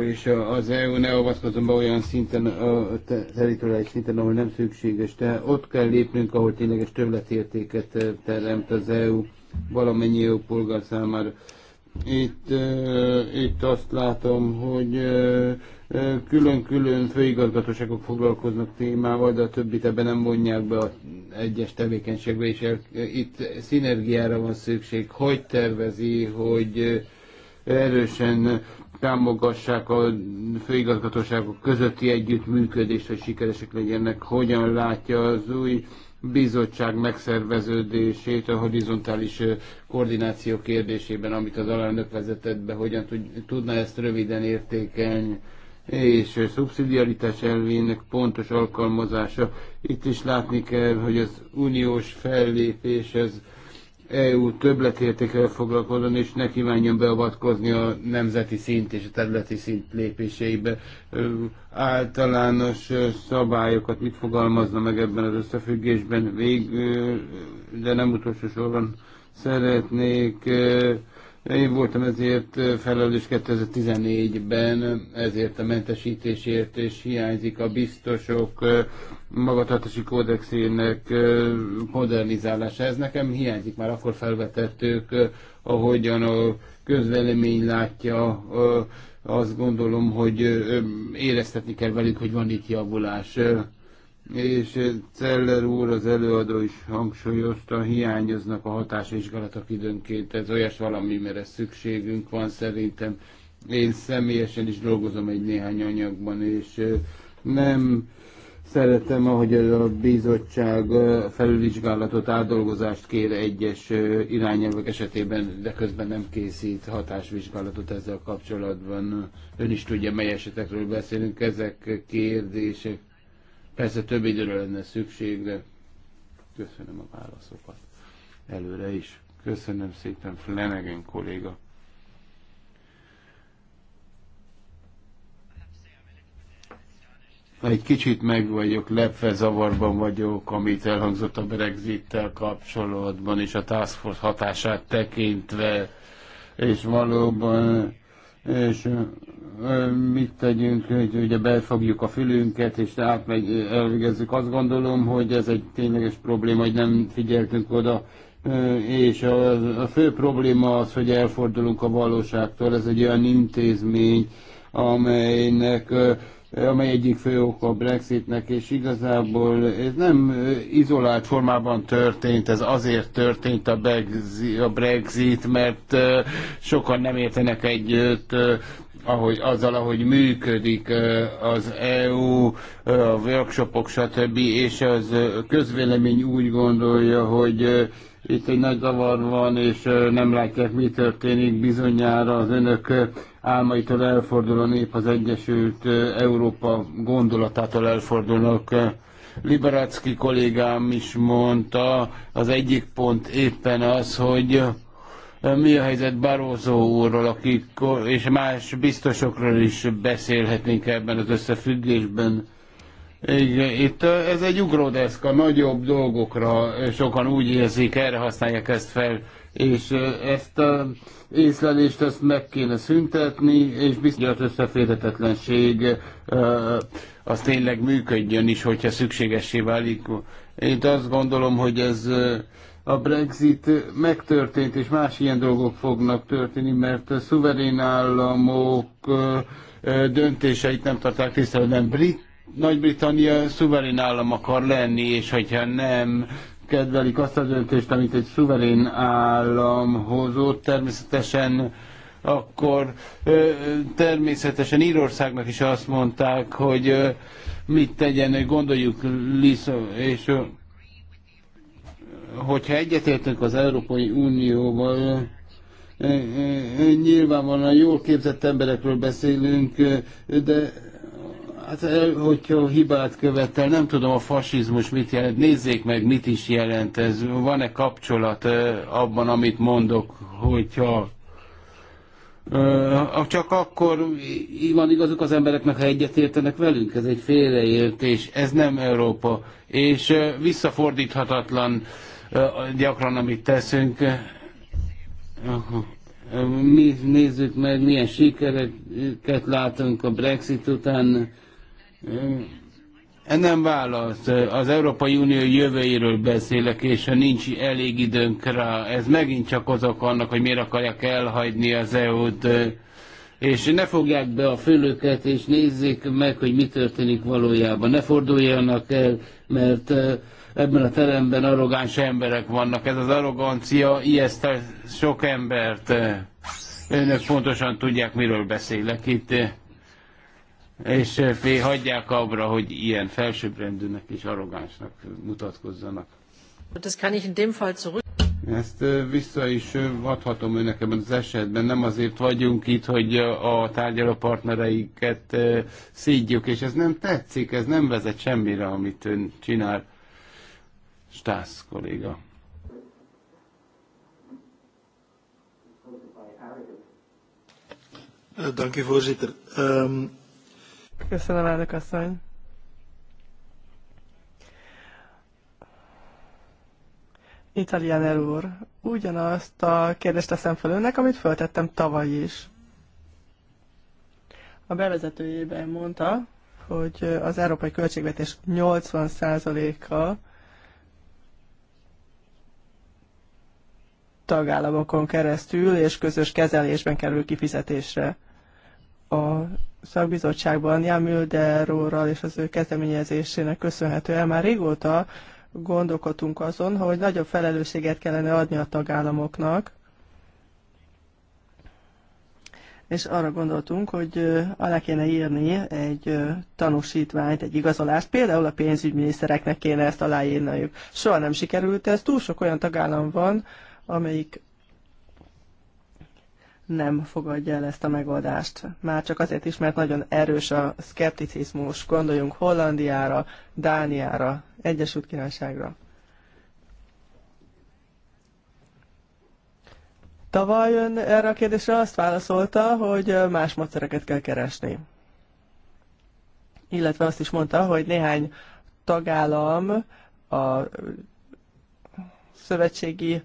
és az EU ne avatkozom be olyan szinten, a teritoriális szinten, ahol nem szükséges. Tehát ott kell lépnünk, ahol tényleges többletértéket teremt az EU valamennyi EU polgár számára. Itt, itt azt látom, hogy Külön-külön főigazgatóságok foglalkoznak témával, de a többit ebben nem vonják be az egyes tevékenységbe, és itt szinergiára van szükség. Hogy tervezi, hogy erősen támogassák a főigazgatóságok közötti együttműködést, hogy sikeresek legyenek, hogyan látja az új bizottság megszerveződését a horizontális koordináció kérdésében, amit az alelnök vezetett be, hogyan tudna ezt röviden értékelni és a szubszidiaritás elvének pontos alkalmazása. Itt is látni kell, hogy az uniós fellépés az EU többletértékkel foglalkozon, és ne kívánjon beavatkozni a nemzeti szint és a területi szint lépéseibe. Általános szabályokat mit fogalmazna meg ebben az összefüggésben végül, de nem utolsó soron szeretnék én voltam ezért felelős 2014-ben, ezért a mentesítésért, és hiányzik a biztosok magatartási kódexének modernizálása. Ez nekem hiányzik, már akkor felvetettük, ahogyan a közvelemény látja, azt gondolom, hogy éreztetni kell velük, hogy van itt javulás és Celler eh, úr, az előadó is hangsúlyozta, hiányoznak a hatásvizsgálatok időnként, ez olyas valami, mert ez szükségünk van szerintem. Én személyesen is dolgozom egy néhány anyagban, és eh, nem szeretem, ahogy a bizottság eh, felülvizsgálatot, átdolgozást kér egyes irányelvek esetében, de közben nem készít hatásvizsgálatot ezzel kapcsolatban. Ön is tudja, mely esetekről beszélünk, ezek kérdések Persze több időre lenne szükség, de köszönöm a válaszokat előre is. Köszönöm szépen Flanagan kolléga. Egy kicsit meg vagyok, lepve zavarban vagyok, amit elhangzott a Brexit-tel kapcsolatban, és a Task Force hatását tekintve, és valóban és mit tegyünk, hogy ugye befogjuk a fülünket, és átmegy, elvégezzük. Azt gondolom, hogy ez egy tényleges probléma, hogy nem figyeltünk oda, és a, a fő probléma az, hogy elfordulunk a valóságtól. Ez egy olyan intézmény, amelynek amely egyik fő oka a Brexitnek, és igazából ez nem izolált formában történt, ez azért történt a Brexit, a Brexit mert sokan nem értenek együtt ahogy, azzal, ahogy működik az EU, a workshopok, stb. és az közvélemény úgy gondolja, hogy itt egy nagy zavar van, és nem látják, mi történik bizonyára az önök álmaitól elfordul a nép, az Egyesült Európa gondolatától elfordulnak. Liberácki kollégám is mondta, az egyik pont éppen az, hogy mi a helyzet Barózó úrral, akik, és más biztosokról is beszélhetnénk ebben az összefüggésben. Igen, itt ez egy ugródeszka, nagyobb dolgokra sokan úgy érzik, erre használják ezt fel, és ezt a észlelést ezt meg kéne szüntetni, és biztos összeférhetetlenség az tényleg működjön is, hogyha szükségessé válik. Én azt gondolom, hogy ez a Brexit megtörtént, és más ilyen dolgok fognak történni, mert a szuverén államok döntéseit nem tartják nem Brit nagy-Britannia szuverén állam akar lenni, és hogyha nem kedvelik azt a döntést, amit egy szuverén állam hozott, természetesen akkor természetesen Írországnak is azt mondták, hogy mit tegyen, gondoljuk Lisa, és hogyha egyetértünk az Európai Unióval, nyilvánvalóan jól képzett emberekről beszélünk, de Hát, hogyha hibát követel, nem tudom a fasizmus mit jelent. Nézzék meg, mit is jelent ez. Van-e kapcsolat abban, amit mondok, hogyha csak akkor van igazuk az embereknek, ha egyetértenek velünk, ez egy félreértés, ez nem Európa, és visszafordíthatatlan gyakran, amit teszünk. Mi nézzük meg, milyen sikereket látunk a Brexit után, nem válasz. Az Európai Unió jövőjéről beszélek, és ha nincs elég időnk rá, ez megint csak azok annak, hogy miért akarják elhagyni az EU-t, és ne fogják be a fülöket, és nézzék meg, hogy mi történik valójában. Ne forduljanak el, mert ebben a teremben arrogáns emberek vannak. Ez az arrogancia ijeszt sok embert. Önök pontosan tudják, miről beszélek itt és eh, hagyják abra, hogy ilyen felsőbbrendűnek és arrogánsnak mutatkozzanak. Das kann ich in dem Fall zurück. Ezt eh, vissza is eh, adhatom önnek ebben az esetben. Nem azért vagyunk itt, hogy a tárgyaló partnereiket szídjuk, és ez nem tetszik, ez nem vezet semmire, amit ön csinál. Stász kolléga. Dank u Köszönöm, elnök asszony. Italian úr, ugyanazt a kérdést teszem fel önnek, amit föltettem tavaly is. A bevezetőjében mondta, hogy az európai költségvetés 80%-a tagállamokon keresztül és közös kezelésben kerül kifizetésre. A szakbizottságban Jan Mulder és az ő kezdeményezésének köszönhetően már régóta gondolkodtunk azon, hogy nagyobb felelősséget kellene adni a tagállamoknak, és arra gondoltunk, hogy alá kéne írni egy tanúsítványt, egy igazolást, például a pénzügyminisztereknek kéne ezt aláírniuk. Soha nem sikerült ez, túl sok olyan tagállam van, amelyik nem fogadja el ezt a megoldást. Már csak azért is, mert nagyon erős a szkepticizmus. Gondoljunk Hollandiára, Dániára, Egyesült Királyságra. Tavaly ön erre a kérdésre azt válaszolta, hogy más módszereket kell keresni. Illetve azt is mondta, hogy néhány tagállam a szövetségi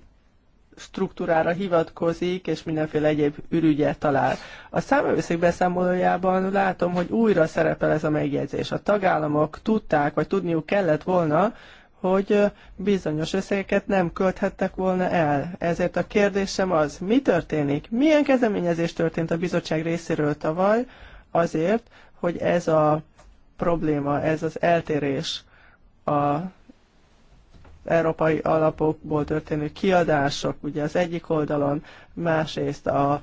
struktúrára hivatkozik, és mindenféle egyéb ürügyet talál. A számövőszék beszámolójában látom, hogy újra szerepel ez a megjegyzés. A tagállamok tudták, vagy tudniuk kellett volna, hogy bizonyos összegeket nem költhettek volna el. Ezért a kérdésem az, mi történik? Milyen kezdeményezés történt a bizottság részéről tavaly azért, hogy ez a probléma, ez az eltérés a európai alapokból történő kiadások, ugye az egyik oldalon, másrészt a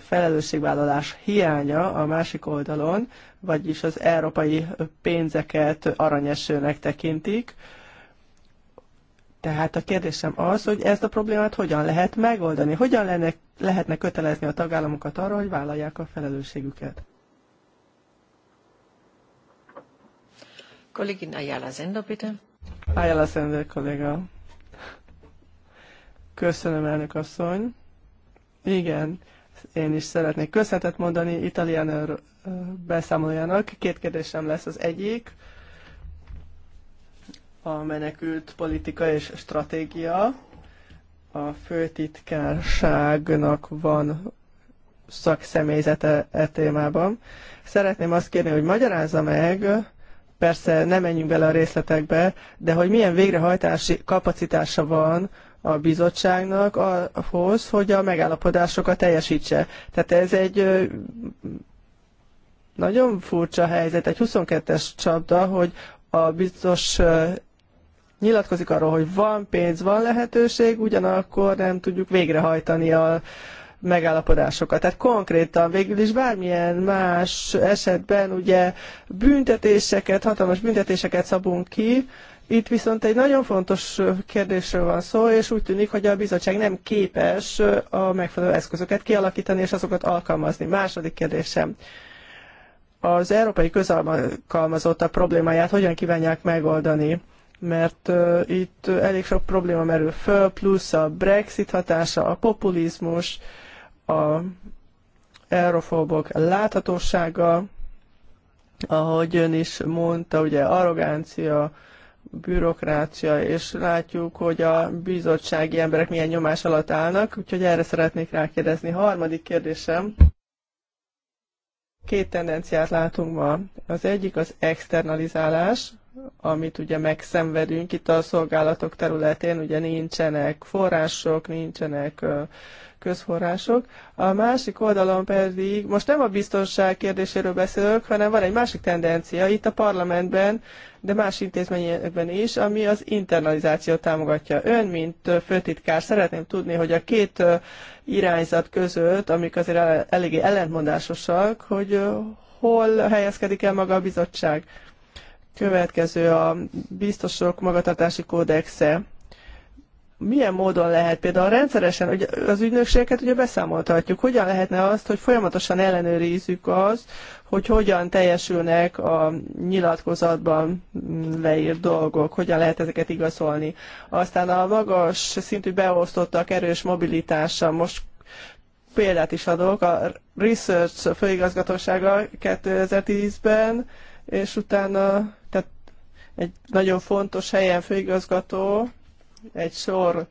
felelősségvállalás hiánya a másik oldalon, vagyis az európai pénzeket aranyesőnek tekintik. Tehát a kérdésem az, hogy ezt a problémát hogyan lehet megoldani, hogyan lenne, lehetne kötelezni a tagállamokat arra, hogy vállalják a felelősségüket. Kollegin Ayala Zendo, bitte. Ájjel a szendő kolléga. Köszönöm, elnök asszony. Igen, én is szeretnék köszönetet mondani Italian beszámolójának. Két kérdésem lesz az egyik. A menekült politika és stratégia. A főtitkárságnak van szakszemélyzete e témában. Szeretném azt kérni, hogy magyarázza meg, Persze nem menjünk bele a részletekbe, de hogy milyen végrehajtási kapacitása van a bizottságnak ahhoz, hogy a megállapodásokat teljesítse. Tehát ez egy nagyon furcsa helyzet, egy 22-es csapda, hogy a biztos nyilatkozik arról, hogy van pénz, van lehetőség, ugyanakkor nem tudjuk végrehajtani a megállapodásokat. Tehát konkrétan végül is bármilyen más esetben ugye büntetéseket, hatalmas büntetéseket szabunk ki, itt viszont egy nagyon fontos kérdésről van szó, és úgy tűnik, hogy a bizottság nem képes a megfelelő eszközöket kialakítani és azokat alkalmazni. Második kérdésem. Az európai a problémáját hogyan kívánják megoldani? Mert uh, itt elég sok probléma merül föl, plusz a Brexit hatása, a populizmus, uh, a aerofobok láthatósága, ahogy ön is mondta, ugye arrogancia, bürokrácia, és látjuk, hogy a bizottsági emberek milyen nyomás alatt állnak, úgyhogy erre szeretnék rákérdezni. Harmadik kérdésem. Két tendenciát látunk ma. Az egyik az externalizálás, amit ugye megszenvedünk itt a szolgálatok területén, ugye nincsenek források, nincsenek közforrások. A másik oldalon pedig, most nem a biztonság kérdéséről beszélök, hanem van egy másik tendencia itt a parlamentben, de más intézményekben is, ami az internalizációt támogatja. Ön, mint főtitkár, szeretném tudni, hogy a két irányzat között, amik azért eléggé ellentmondásosak, hogy hol helyezkedik el maga a bizottság. Következő a biztosok magatartási kódexe milyen módon lehet például rendszeresen, hogy az ügynökségeket ugye beszámoltatjuk, hogyan lehetne azt, hogy folyamatosan ellenőrizzük az, hogy hogyan teljesülnek a nyilatkozatban leírt dolgok, hogyan lehet ezeket igazolni. Aztán a magas szintű beosztottak erős mobilitása, most példát is adok, a Research főigazgatósága 2010-ben, és utána tehát egy nagyon fontos helyen főigazgató, egy sor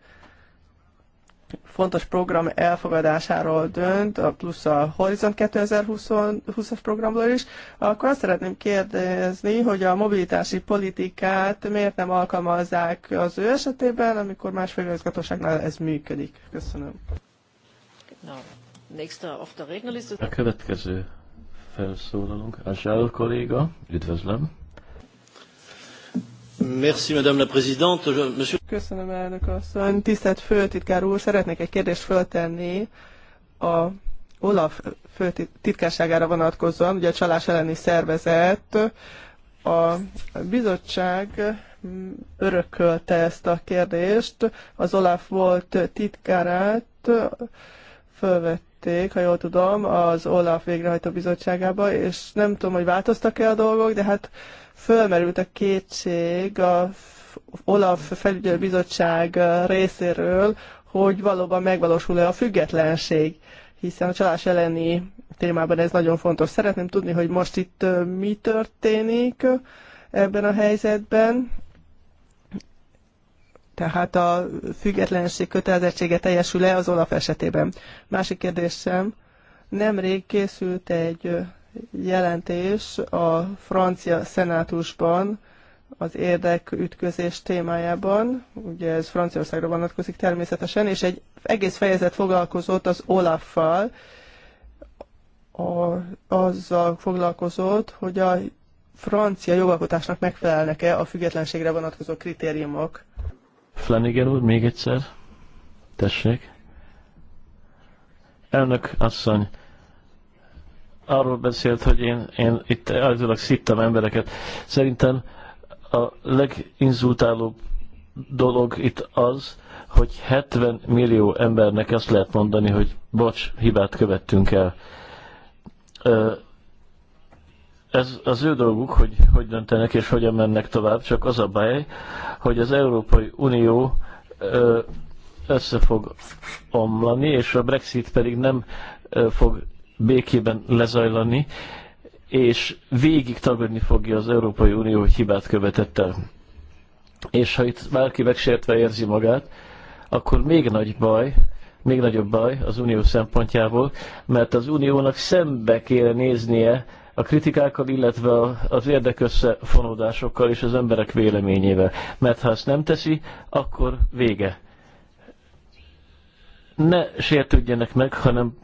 fontos program elfogadásáról dönt, a plusz a Horizon 2020-as programról is, akkor azt szeretném kérdezni, hogy a mobilitási politikát miért nem alkalmazzák az ő esetében, amikor más főigazgatóságnál ez működik. Köszönöm. A következő felszólalunk, Azsál kolléga, üdvözlöm. Köszönöm, elnök asszony. Tisztelt főtitkár úr, szeretnék egy kérdést föltenni a Olaf főtitkárságára vonatkozóan, ugye a csalás elleni szervezet. A bizottság mm, örökölte ezt a kérdést. Az Olaf volt titkárát, fölvették, ha jól tudom, az Olaf végrehajtó bizottságába, és nem tudom, hogy változtak-e a dolgok, de hát fölmerült a kétség a Olaf felügyelőbizottság részéről, hogy valóban megvalósul-e a függetlenség, hiszen a csalás elleni témában ez nagyon fontos. Szeretném tudni, hogy most itt mi történik ebben a helyzetben, tehát a függetlenség kötelezettsége teljesül-e az Olaf esetében? Másik kérdésem, nemrég készült egy jelentés a francia szenátusban az érdekütközés témájában, ugye ez Franciaországra vonatkozik természetesen, és egy egész fejezet foglalkozott az Olaf-fal, a, azzal foglalkozott, hogy a francia jogalkotásnak megfelelnek-e a függetlenségre vonatkozó kritériumok. Flanagan úr, még egyszer. Tessék. Elnök asszony, arról beszélt, hogy én, én itt állítólag szittem embereket. Szerintem a leginzultálóbb dolog itt az, hogy 70 millió embernek azt lehet mondani, hogy bocs, hibát követtünk el. Ez az ő dolguk, hogy hogy döntenek és hogyan mennek tovább, csak az a baj, hogy az Európai Unió össze fog omlani, és a Brexit pedig nem fog békében lezajlani, és végig tagadni fogja az Európai Unió, hogy hibát követett el. És ha itt bárki megsértve érzi magát, akkor még nagy baj, még nagyobb baj az unió szempontjából, mert az uniónak szembe kéne néznie a kritikákkal, illetve az érdekösszefonódásokkal és az emberek véleményével. Mert ha ezt nem teszi, akkor vége ne sértődjenek meg, hanem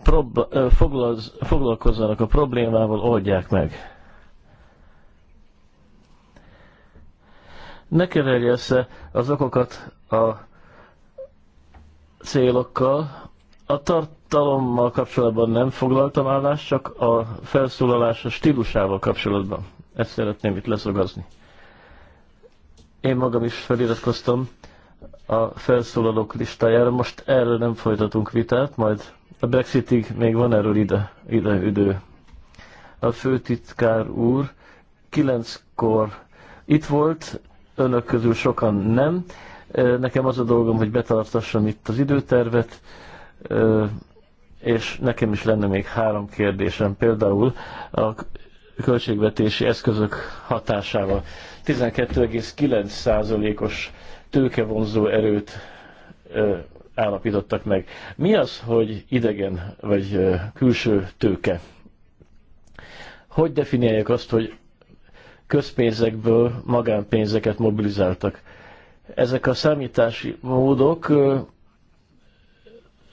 foglaz, foglalkozzanak a problémával, oldják meg. Ne keverje össze az okokat a célokkal. A tartalommal kapcsolatban nem foglaltam állást, csak a felszólalás a stílusával kapcsolatban. Ezt szeretném itt leszogazni. Én magam is feliratkoztam a felszólalók listájára. Most erről nem folytatunk vitát, majd a Brexitig még van erről ide, ide idő. A főtitkár úr kilenckor itt volt, önök közül sokan nem. Nekem az a dolgom, hogy betartassam itt az időtervet, és nekem is lenne még három kérdésem, például a költségvetési eszközök hatásával. 12,9%-os tőkevonzó erőt állapítottak meg. Mi az, hogy idegen vagy külső tőke? Hogy definiálják azt, hogy közpénzekből magánpénzeket mobilizáltak? Ezek a számítási módok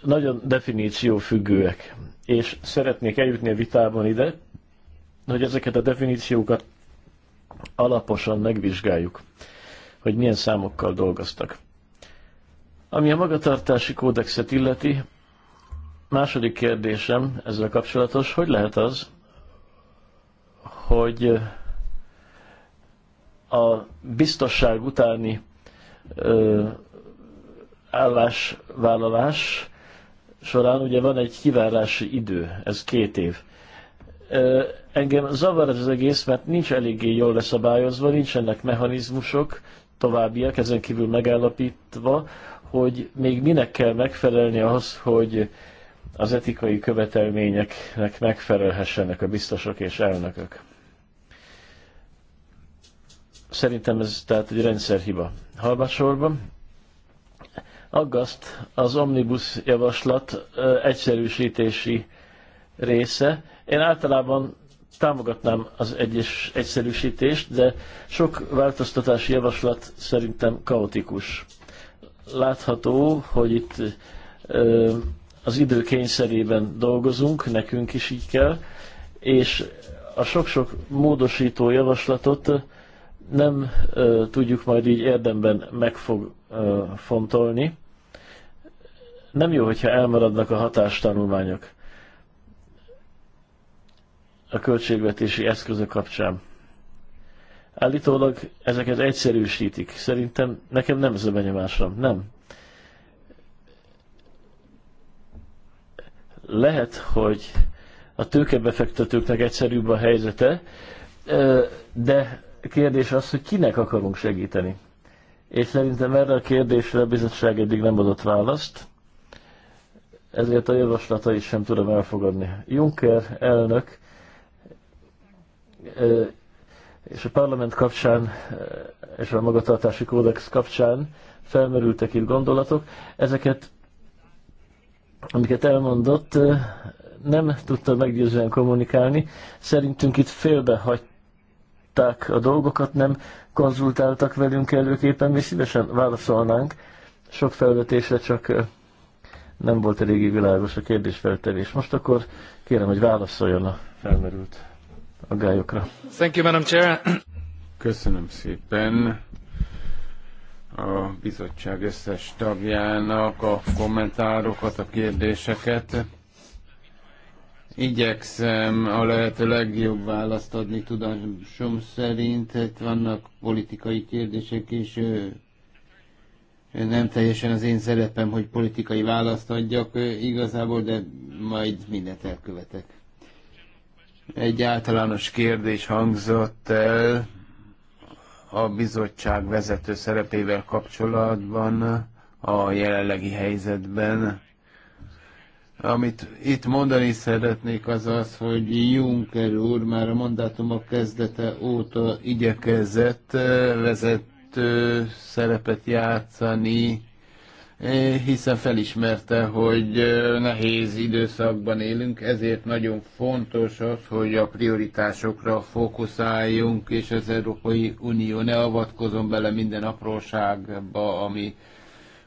nagyon definíció függőek, és szeretnék eljutni a vitában ide, hogy ezeket a definíciókat alaposan megvizsgáljuk hogy milyen számokkal dolgoztak. Ami a magatartási kódexet illeti, második kérdésem ezzel kapcsolatos, hogy lehet az, hogy a biztosság utáni ö, állásvállalás során ugye van egy kivárási idő, ez két év. Ö, engem zavar ez az egész, mert nincs eléggé jól leszabályozva, nincsenek mechanizmusok, továbbiak, ezen kívül megállapítva, hogy még minek kell megfelelni ahhoz, hogy az etikai követelményeknek megfelelhessenek a biztosok és elnökök. Szerintem ez tehát egy rendszerhiba. Halmasorban aggaszt az omnibus javaslat egyszerűsítési része. Én általában támogatnám az egyes egyszerűsítést, de sok változtatási javaslat szerintem kaotikus. Látható, hogy itt ö, az idő kényszerében dolgozunk, nekünk is így kell, és a sok-sok módosító javaslatot nem ö, tudjuk majd így érdemben megfontolni. Nem jó, hogyha elmaradnak a hatástanulmányok a költségvetési eszközök kapcsán. Állítólag ezeket egyszerűsítik. Szerintem nekem nem ez a benyomásom. Nem. Lehet, hogy a tőkebefektetőknek egyszerűbb a helyzete, de kérdés az, hogy kinek akarunk segíteni. És szerintem erre a kérdésre a bizottság eddig nem adott választ, ezért a javaslatait sem tudom elfogadni. Juncker elnök és a parlament kapcsán, és a magatartási kódex kapcsán felmerültek itt gondolatok. Ezeket, amiket elmondott, nem tudta meggyőzően kommunikálni. Szerintünk itt félbehagyták a dolgokat, nem konzultáltak velünk előképpen, mi szívesen válaszolnánk. Sok felvetésre csak nem volt eléggé világos a kérdésfeltevés. Most akkor kérem, hogy válaszoljon a felmerült aggályokra. Thank you, Madam Chair. Köszönöm szépen a bizottság összes tagjának a kommentárokat, a kérdéseket. Igyekszem a lehető legjobb választ adni tudásom szerint. Itt vannak politikai kérdések, és nem teljesen az én szerepem, hogy politikai választ adjak igazából, de majd mindent elkövetek. Egy általános kérdés hangzott el a bizottság vezető szerepével kapcsolatban a jelenlegi helyzetben. Amit itt mondani szeretnék az az, hogy Juncker úr már a mandátumok kezdete óta igyekezett vezető szerepet játszani Eh, hiszen felismerte, hogy eh, nehéz időszakban élünk, ezért nagyon fontos az, hogy a prioritásokra fókuszáljunk, és az Európai Unió ne avatkozom bele minden apróságba, ami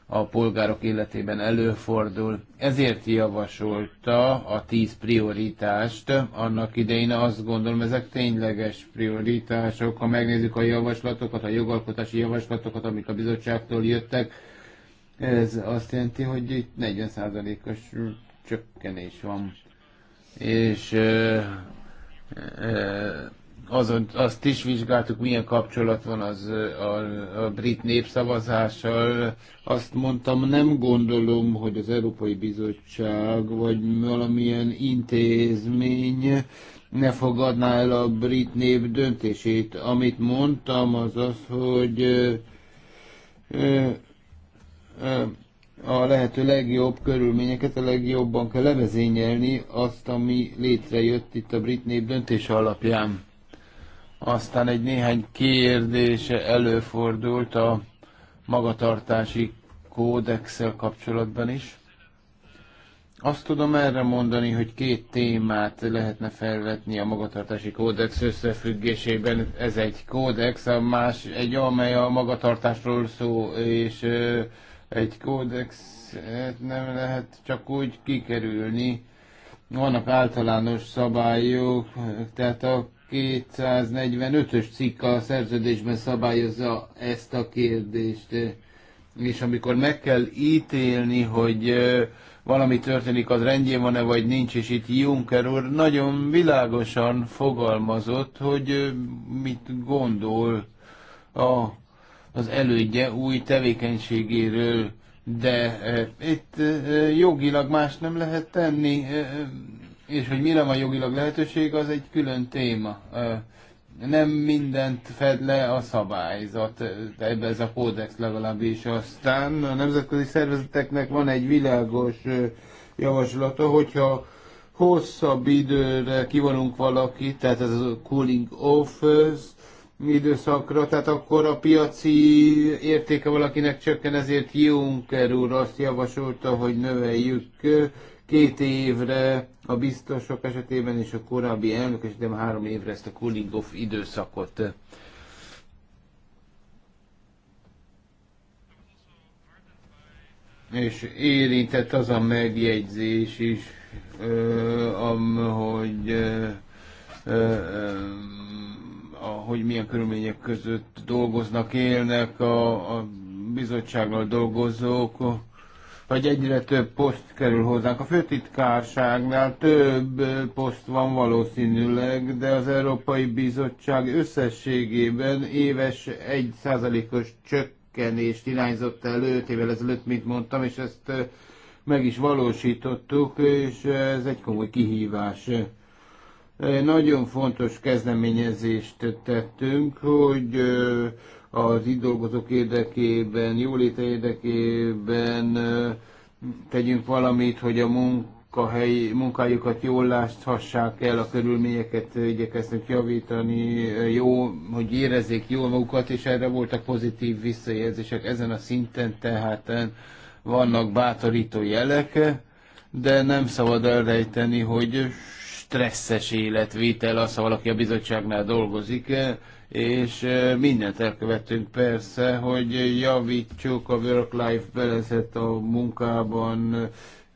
a polgárok életében előfordul. Ezért javasolta a tíz prioritást. Annak idején azt gondolom, ezek tényleges prioritások. Ha megnézzük a javaslatokat, a jogalkotási javaslatokat, amik a bizottságtól jöttek, ez azt jelenti, hogy itt 40%-os csökkenés van. És e, e, azon, azt is vizsgáltuk, milyen kapcsolat van az a, a brit népszavazással. Azt mondtam, nem gondolom, hogy az Európai Bizottság vagy valamilyen intézmény ne fogadná el a brit nép döntését. Amit mondtam, az az, hogy e, e, a lehető legjobb körülményeket a legjobban kell levezényelni azt, ami létrejött itt a brit nép döntése alapján. Aztán egy néhány kérdése előfordult a magatartási kódexel kapcsolatban is. Azt tudom erre mondani, hogy két témát lehetne felvetni a magatartási kódex összefüggésében. Ez egy kódex, a más egy, amely a magatartásról szó, és egy kódexet nem lehet csak úgy kikerülni. Vannak általános szabályok, tehát a 245-ös cikk a szerződésben szabályozza ezt a kérdést. És amikor meg kell ítélni, hogy valami történik, az rendjén van-e, vagy nincs, és itt Juncker úr nagyon világosan fogalmazott, hogy mit gondol a az elődje új tevékenységéről, de e, itt e, jogilag más nem lehet tenni, e, e, és hogy mire van jogilag lehetőség, az egy külön téma. E, nem mindent fed le a szabályzat, e, ebbe ez a kódex legalábbis. Aztán a nemzetközi szervezeteknek van egy világos e, javaslata, hogyha hosszabb időre kivonunk valakit, tehát ez a cooling off időszakra, tehát akkor a piaci értéke valakinek csökken, ezért Juncker úr azt javasolta, hogy növeljük két évre a biztosok esetében, és a korábbi elnök esetében három évre ezt a cooling off időszakot. És érintett az a megjegyzés is, hogy a, hogy milyen körülmények között dolgoznak, élnek a, a bizottsággal dolgozók, vagy egyre több poszt kerül hozzánk. A főtitkárságnál több poszt van valószínűleg, de az Európai Bizottság összességében éves 1%-os csökkenést irányzott el 5 évvel ezelőtt, mint mondtam, és ezt meg is valósítottuk, és ez egy komoly kihívás. Nagyon fontos kezdeményezést tettünk, hogy az itt dolgozók érdekében, jóléte érdekében tegyünk valamit, hogy a munkahely, munkájukat jól láthassák el, a körülményeket igyekeztünk javítani, jó, hogy érezzék jól magukat, és erre voltak pozitív visszajelzések ezen a szinten, tehát vannak bátorító jelek, de nem szabad elrejteni, hogy stresszes életvitel az, ha valaki a bizottságnál dolgozik, és mindent elkövettünk persze, hogy javítsuk a work-life balance a munkában,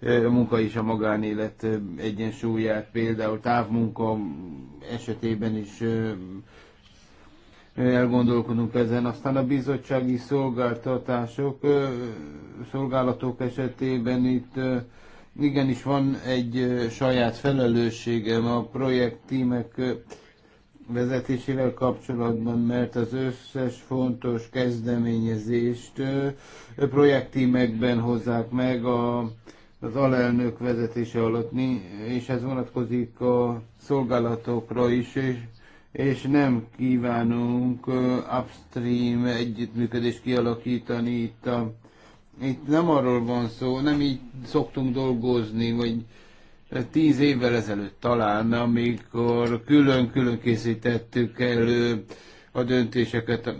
a munka és a magánélet egyensúlyát, például távmunka esetében is elgondolkodunk ezen. Aztán a bizottsági szolgáltatások, szolgálatok esetében itt igenis van egy saját felelősségem a projekttímek vezetésével kapcsolatban, mert az összes fontos kezdeményezést projekttímekben hozzák meg a, az alelnök vezetése alatt, és ez vonatkozik a szolgálatokra is, és, és nem kívánunk upstream együttműködést kialakítani itt a itt nem arról van szó, nem így szoktunk dolgozni, vagy eh, tíz évvel ezelőtt talán, amikor külön-külön készítettük elő a döntéseket,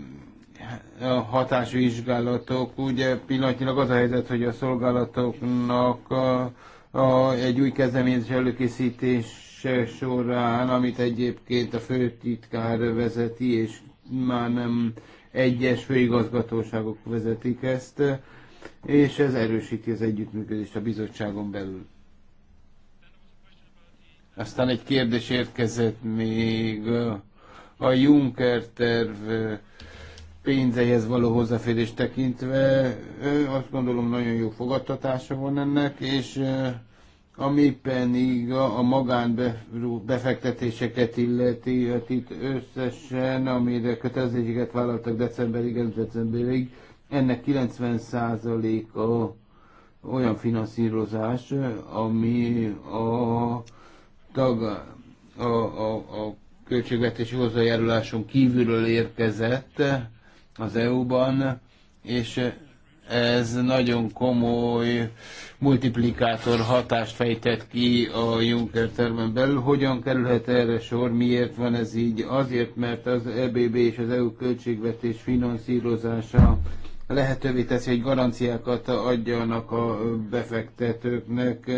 a hatásvizsgálatok. Ugye pillanatnyilag az a helyzet, hogy a szolgálatoknak a, a, egy új kezdeményezés előkészítése során, amit egyébként a főtitkár vezeti, és már nem egyes főigazgatóságok vezetik ezt, és ez erősíti az együttműködést a bizottságon belül. Aztán egy kérdés érkezett még a Juncker terv pénzeihez való hozzáférés tekintve. Azt gondolom nagyon jó fogadtatása van ennek, és ami pedig a magánbefektetéseket illeti, itt összesen, amire kötelezettséget vállaltak decemberig, decemberig, ennek 90%-a olyan finanszírozás, ami a, tag, a, a, a költségvetési hozzájáruláson kívülről érkezett az EU-ban, és ez nagyon komoly multiplikátor hatást fejtett ki a Juncker termen belül. Hogyan kerülhet erre sor? Miért van ez így? Azért, mert az EBB és az EU költségvetés finanszírozása lehetővé teszi, hogy garanciákat adjanak a befektetőknek.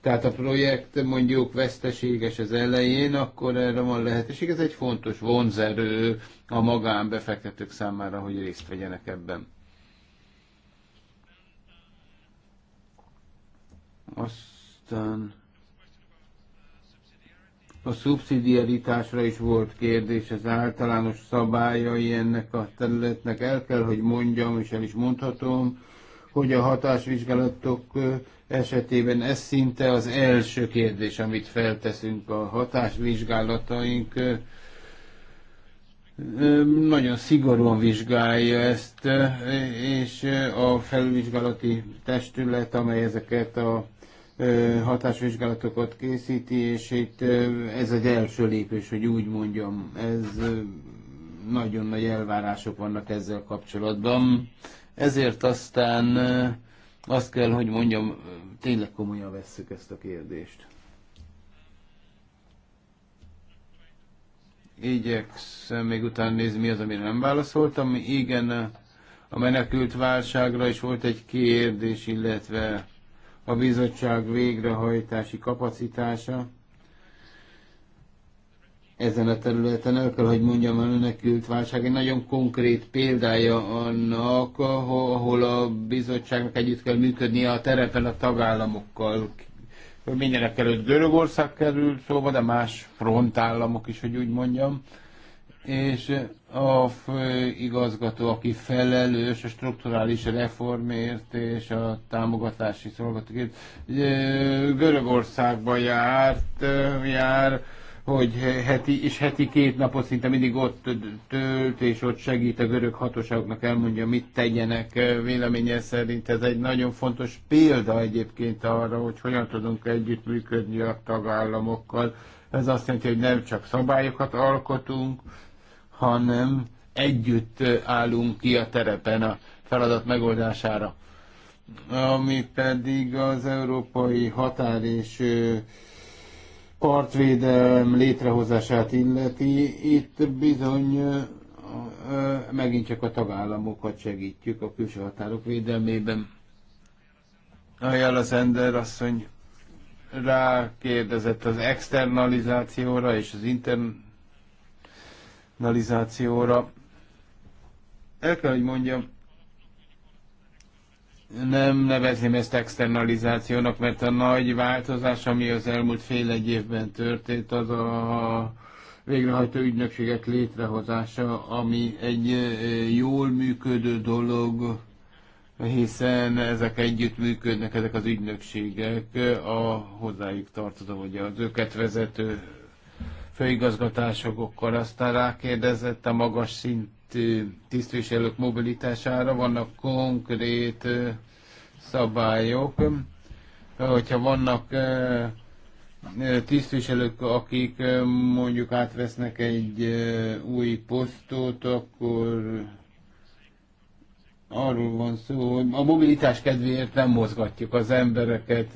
Tehát a projekt mondjuk veszteséges az elején, akkor erre van lehetőség. Ez egy fontos vonzerő a magánbefektetők számára, hogy részt vegyenek ebben. Aztán a szubszidiaritásra is volt kérdés, az általános szabályai ennek a területnek el kell, hogy mondjam, és el is mondhatom, hogy a hatásvizsgálatok esetében ez szinte az első kérdés, amit felteszünk a hatásvizsgálataink. Nagyon szigorúan vizsgálja ezt, és a felvizsgálati testület, amely ezeket a hatásvizsgálatokat készíti, és itt ez egy első lépés, hogy úgy mondjam, ez nagyon nagy elvárások vannak ezzel kapcsolatban. Ezért aztán azt kell, hogy mondjam, tényleg komolyan vesszük ezt a kérdést. Igyekszem még utána nézni, mi az, amire nem válaszoltam. Igen, a menekült válságra is volt egy kérdés, illetve a bizottság végrehajtási kapacitása ezen a területen, el kell, hogy mondjam, a menekült válság egy nagyon konkrét példája annak, ahol a bizottságnak együtt kell működnie a terepen a tagállamokkal. Mindenek előtt Görögország került szóba, de más frontállamok is, hogy úgy mondjam. És a főigazgató, aki felelős a strukturális reformért és a támogatási szolgatókért, Görögországba járt, jár, hogy heti, és heti két napot szinte mindig ott tölt, és ott segít a görög hatóságoknak elmondja, mit tegyenek. Véleménye szerint ez egy nagyon fontos példa egyébként arra, hogy hogyan tudunk együttműködni a tagállamokkal. Ez azt jelenti, hogy nem csak szabályokat alkotunk, hanem együtt állunk ki a terepen a feladat megoldására. Ami pedig az európai határ és partvédelem létrehozását illeti, itt bizony megint csak a tagállamokat segítjük a külső határok védelmében. a az Ender asszony rákérdezett az externalizációra és az intern regionalizációra. El kell, hogy mondjam, nem nevezném ezt externalizációnak, mert a nagy változás, ami az elmúlt fél-egy évben történt, az a végrehajtó ügynökségek létrehozása, ami egy jól működő dolog, hiszen ezek együtt működnek, ezek az ügynökségek, a hozzájuk tartozó, vagy az őket vezető főigazgatásokkal, aztán rákérdezett a magas szintű tisztviselők mobilitására, vannak konkrét szabályok, hogyha vannak tisztviselők, akik mondjuk átvesznek egy új posztot, akkor arról van szó, hogy a mobilitás kedvéért nem mozgatjuk az embereket,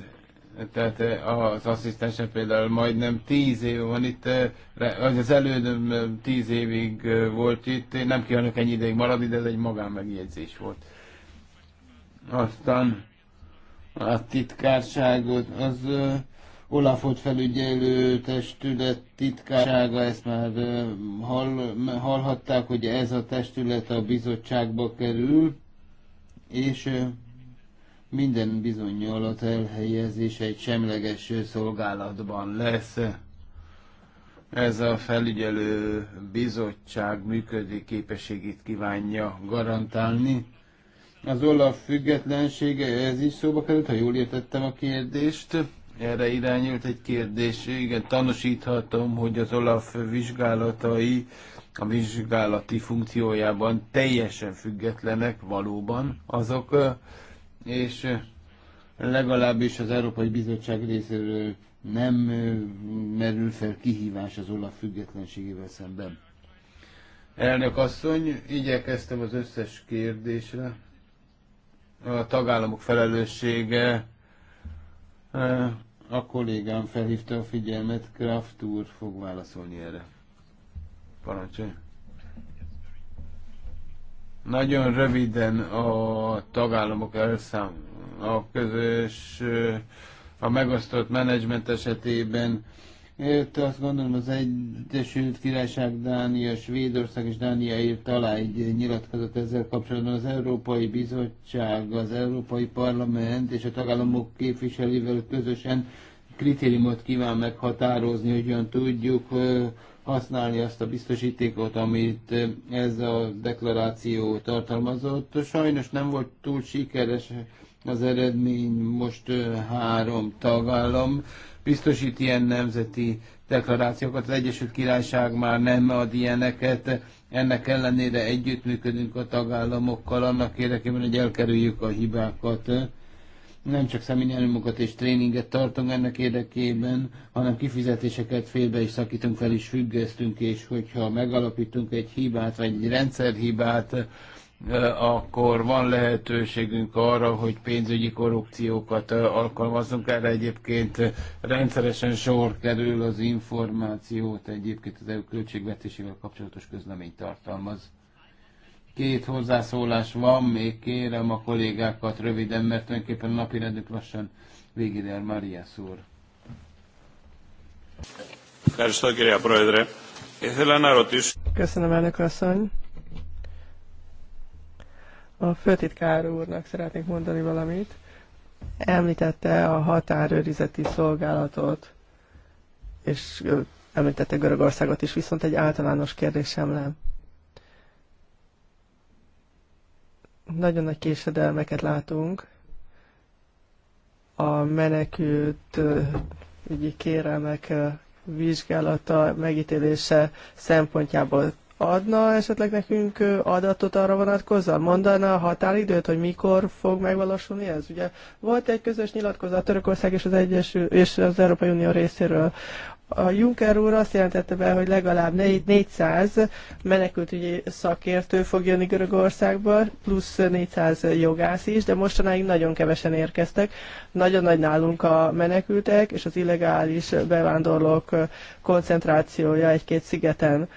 tehát eh, az asszisztensem például majdnem tíz év van itt, eh, az elődöm eh, tíz évig volt itt, én nem kívánok ennyi ideig maradni, de ez egy magánmegjegyzés volt. Aztán a titkárságot, az Olafot felügyelő testület titkársága, ezt már hall, hallhatták, hogy ez a testület a bizottságba kerül, és minden bizonyal az elhelyezés egy semleges szolgálatban lesz. Ez a felügyelő bizottság működő képességét kívánja garantálni. Az Olaf függetlensége, ez is szóba került, ha jól értettem a kérdést. Erre irányult egy kérdés. Igen, tanúsíthatom, hogy az Olaf vizsgálatai a vizsgálati funkciójában teljesen függetlenek valóban. Azok és legalábbis az Európai Bizottság részéről nem merül fel kihívás az olaf függetlenségével szemben. Elnök asszony, igyekeztem az összes kérdésre. A tagállamok felelőssége, a kollégám felhívta a figyelmet, Kraft úr fog válaszolni erre. Parancsolj! Nagyon röviden a tagállamok elszám, a közös, a megosztott menedzsment esetében. Ért azt gondolom az Egyesült Királyság, Dánia, Svédország és Dánia írt alá egy nyilatkozat ezzel kapcsolatban. Az Európai Bizottság, az Európai Parlament és a tagállamok képviselővel közösen kritériumot kíván meghatározni, hogyan tudjuk használni azt a biztosítékot, amit ez a deklaráció tartalmazott. Sajnos nem volt túl sikeres az eredmény, most három tagállam biztosít ilyen nemzeti deklarációkat. Az Egyesült Királyság már nem ad ilyeneket, ennek ellenére együttműködünk a tagállamokkal annak érdekében, hogy elkerüljük a hibákat nem csak személyelőmunkat és tréninget tartunk ennek érdekében, hanem kifizetéseket félbe is szakítunk fel, is függesztünk, és hogyha megalapítunk egy hibát, vagy egy rendszerhibát, akkor van lehetőségünk arra, hogy pénzügyi korrupciókat alkalmazzunk. Erre egyébként rendszeresen sor kerül az információt, egyébként az EU költségvetésével kapcsolatos közlemény tartalmaz. Két hozzászólás van, még kérem a kollégákat röviden, mert tulajdonképpen a napi rendük lassan végére el Maria Szúr. Köszönöm, elnök asszony. A főtitkár úrnak szeretnék mondani valamit. Említette a határőrizeti szolgálatot, és említette Görögországot is, viszont egy általános kérdésem lenne Nagyon nagy késedelmeket látunk a menekült ügyi kérelmek vizsgálata, megítélése szempontjából adna esetleg nekünk adatot arra vonatkozóan? Mondana a határidőt, hogy mikor fog megvalósulni ez? Ugye volt egy közös nyilatkozat Törökország és az, Egyesül, és az Európai Unió részéről a Juncker úr azt jelentette be, hogy legalább 400 menekültügyi szakértő fog jönni Görögországba, plusz 400 jogász is, de mostanáig nagyon kevesen érkeztek. Nagyon nagy nálunk a menekültek, és az illegális bevándorlók koncentrációja egy-két szigeten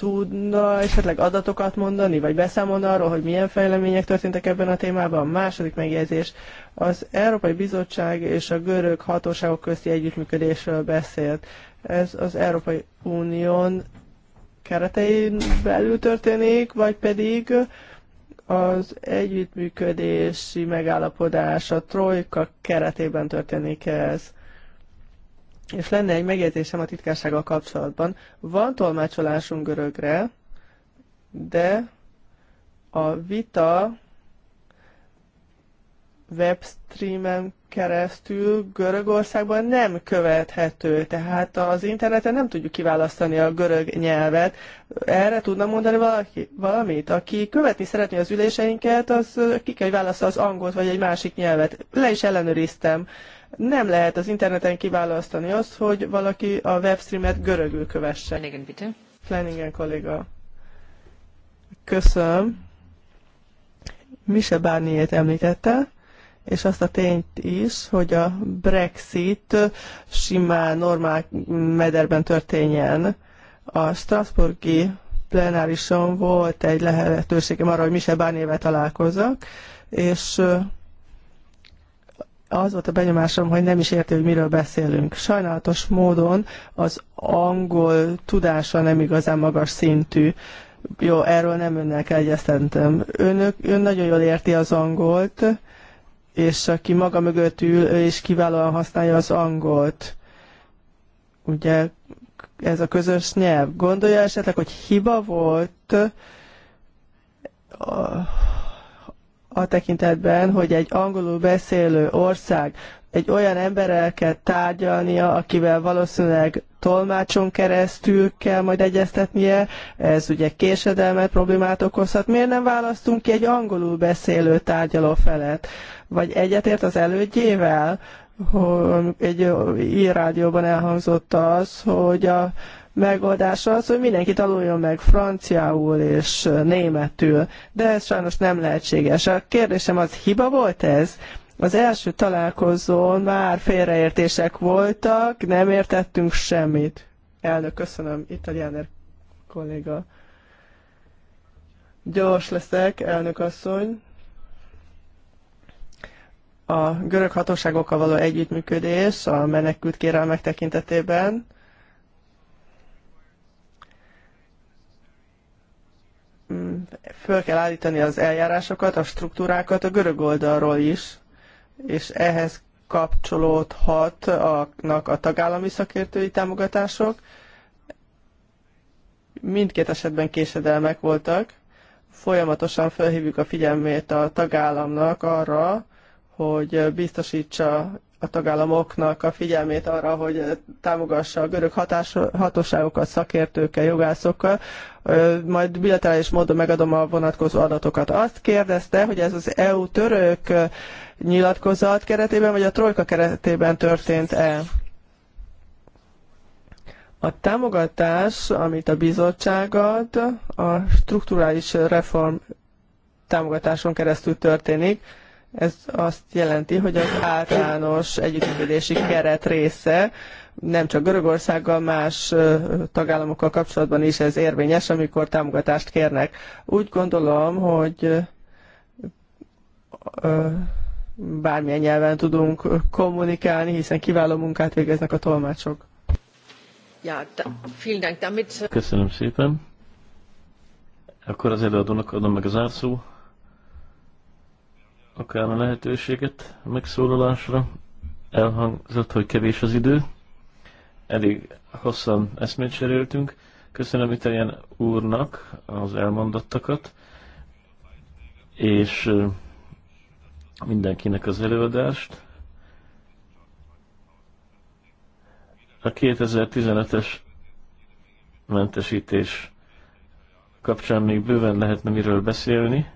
tudna esetleg adatokat mondani, vagy beszámolna arról, hogy milyen fejlemények történtek ebben a témában? A második megjegyzés. Az Európai Bizottság és a görög hatóságok közti együttműködésről beszélt. Ez az Európai Unión keretein belül történik, vagy pedig az együttműködési megállapodás a trojka keretében történik ez? És lenne egy megjegyzésem a titkársággal kapcsolatban. Van tolmácsolásunk görögre, de a vita webstreamen keresztül Görögországban nem követhető, tehát az interneten nem tudjuk kiválasztani a görög nyelvet. Erre tudna mondani valaki, valamit? Aki követni szeretné az üléseinket, az ki kell, hogy az angolt vagy egy másik nyelvet. Le is ellenőriztem nem lehet az interneten kiválasztani azt, hogy valaki a webstreamet görögül kövesse. Flanagan, bitte. Flanagan kolléga. Köszönöm. Mise Barnier-t említette, és azt a tényt is, hogy a Brexit simán, normál mederben történjen. A Strasburgi plenárison volt egy lehetőségem arra, hogy Mise Barnier-vel találkozzak, és az volt a benyomásom, hogy nem is érti, hogy miről beszélünk. Sajnálatos módon az angol tudása nem igazán magas szintű. Jó, erről nem önnel kell egyeztentem. Önök, ön nagyon jól érti az angolt, és aki maga mögött ül, ő is kiválóan használja az angolt. Ugye ez a közös nyelv. Gondolja esetleg, hogy hiba volt a tekintetben, hogy egy angolul beszélő ország egy olyan emberrel kell tárgyalnia, akivel valószínűleg tolmácson keresztül kell majd egyeztetnie, ez ugye késedelmet, problémát okozhat. Miért nem választunk ki egy angolul beszélő tárgyaló felett? Vagy egyetért az elődjével? Hogy egy ír rádióban elhangzott az, hogy a megoldása az, hogy mindenki tanuljon meg franciául és németül, de ez sajnos nem lehetséges. A kérdésem az, hiba volt ez? Az első találkozón már félreértések voltak, nem értettünk semmit. Elnök, köszönöm. Itt a kolléga. Gyors leszek, elnök asszony. A görög hatóságokkal való együttműködés a menekült kérelmek tekintetében föl kell állítani az eljárásokat, a struktúrákat a görög oldalról is, és ehhez kapcsolódhat a, a tagállami szakértői támogatások. Mindkét esetben késedelmek voltak. Folyamatosan felhívjuk a figyelmét a tagállamnak arra, hogy biztosítsa a tagállamoknak a figyelmét arra, hogy támogassa a görög hatás, hatóságokat, szakértőkkel, jogászokkal. Majd bilaterális módon megadom a vonatkozó adatokat. Azt kérdezte, hogy ez az EU-török nyilatkozat keretében, vagy a trojka keretében történt-e? A támogatás, amit a bizottság ad, a strukturális reform támogatáson keresztül történik, ez azt jelenti, hogy az általános együttműködési keret része, nem csak Görögországgal, más tagállamokkal kapcsolatban is ez érvényes, amikor támogatást kérnek. Úgy gondolom, hogy bármilyen nyelven tudunk kommunikálni, hiszen kiváló munkát végeznek a tolmácsok. Ja, vielen Dank. Köszönöm szépen. Akkor az előadónak adom meg az átszó akár a lehetőséget a megszólalásra. Elhangzott, hogy kevés az idő. Elég hosszan eszmét cseréltünk. Köszönöm Itelyen úrnak az elmondottakat, és mindenkinek az előadást. A 2015-es mentesítés kapcsán még bőven lehetne miről beszélni.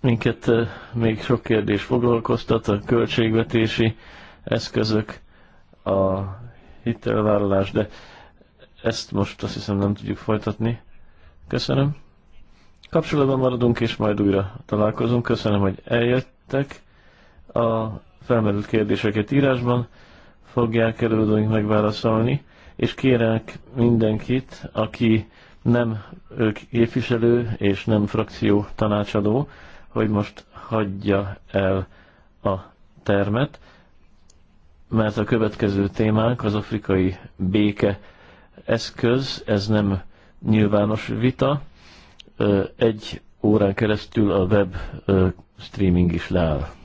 minket eh, még sok kérdés foglalkoztat, a költségvetési eszközök, a hitelvállalás, de ezt most azt hiszem nem tudjuk folytatni. Köszönöm. Kapcsolatban maradunk, és majd újra találkozunk. Köszönöm, hogy eljöttek. A felmerült kérdéseket írásban fogják előadóink megválaszolni, és kérek mindenkit, aki nem képviselő és nem frakció tanácsadó, hogy most hagyja el a termet, mert a következő témánk az afrikai béke eszköz, ez nem nyilvános vita. Egy órán keresztül a web streaming is leáll.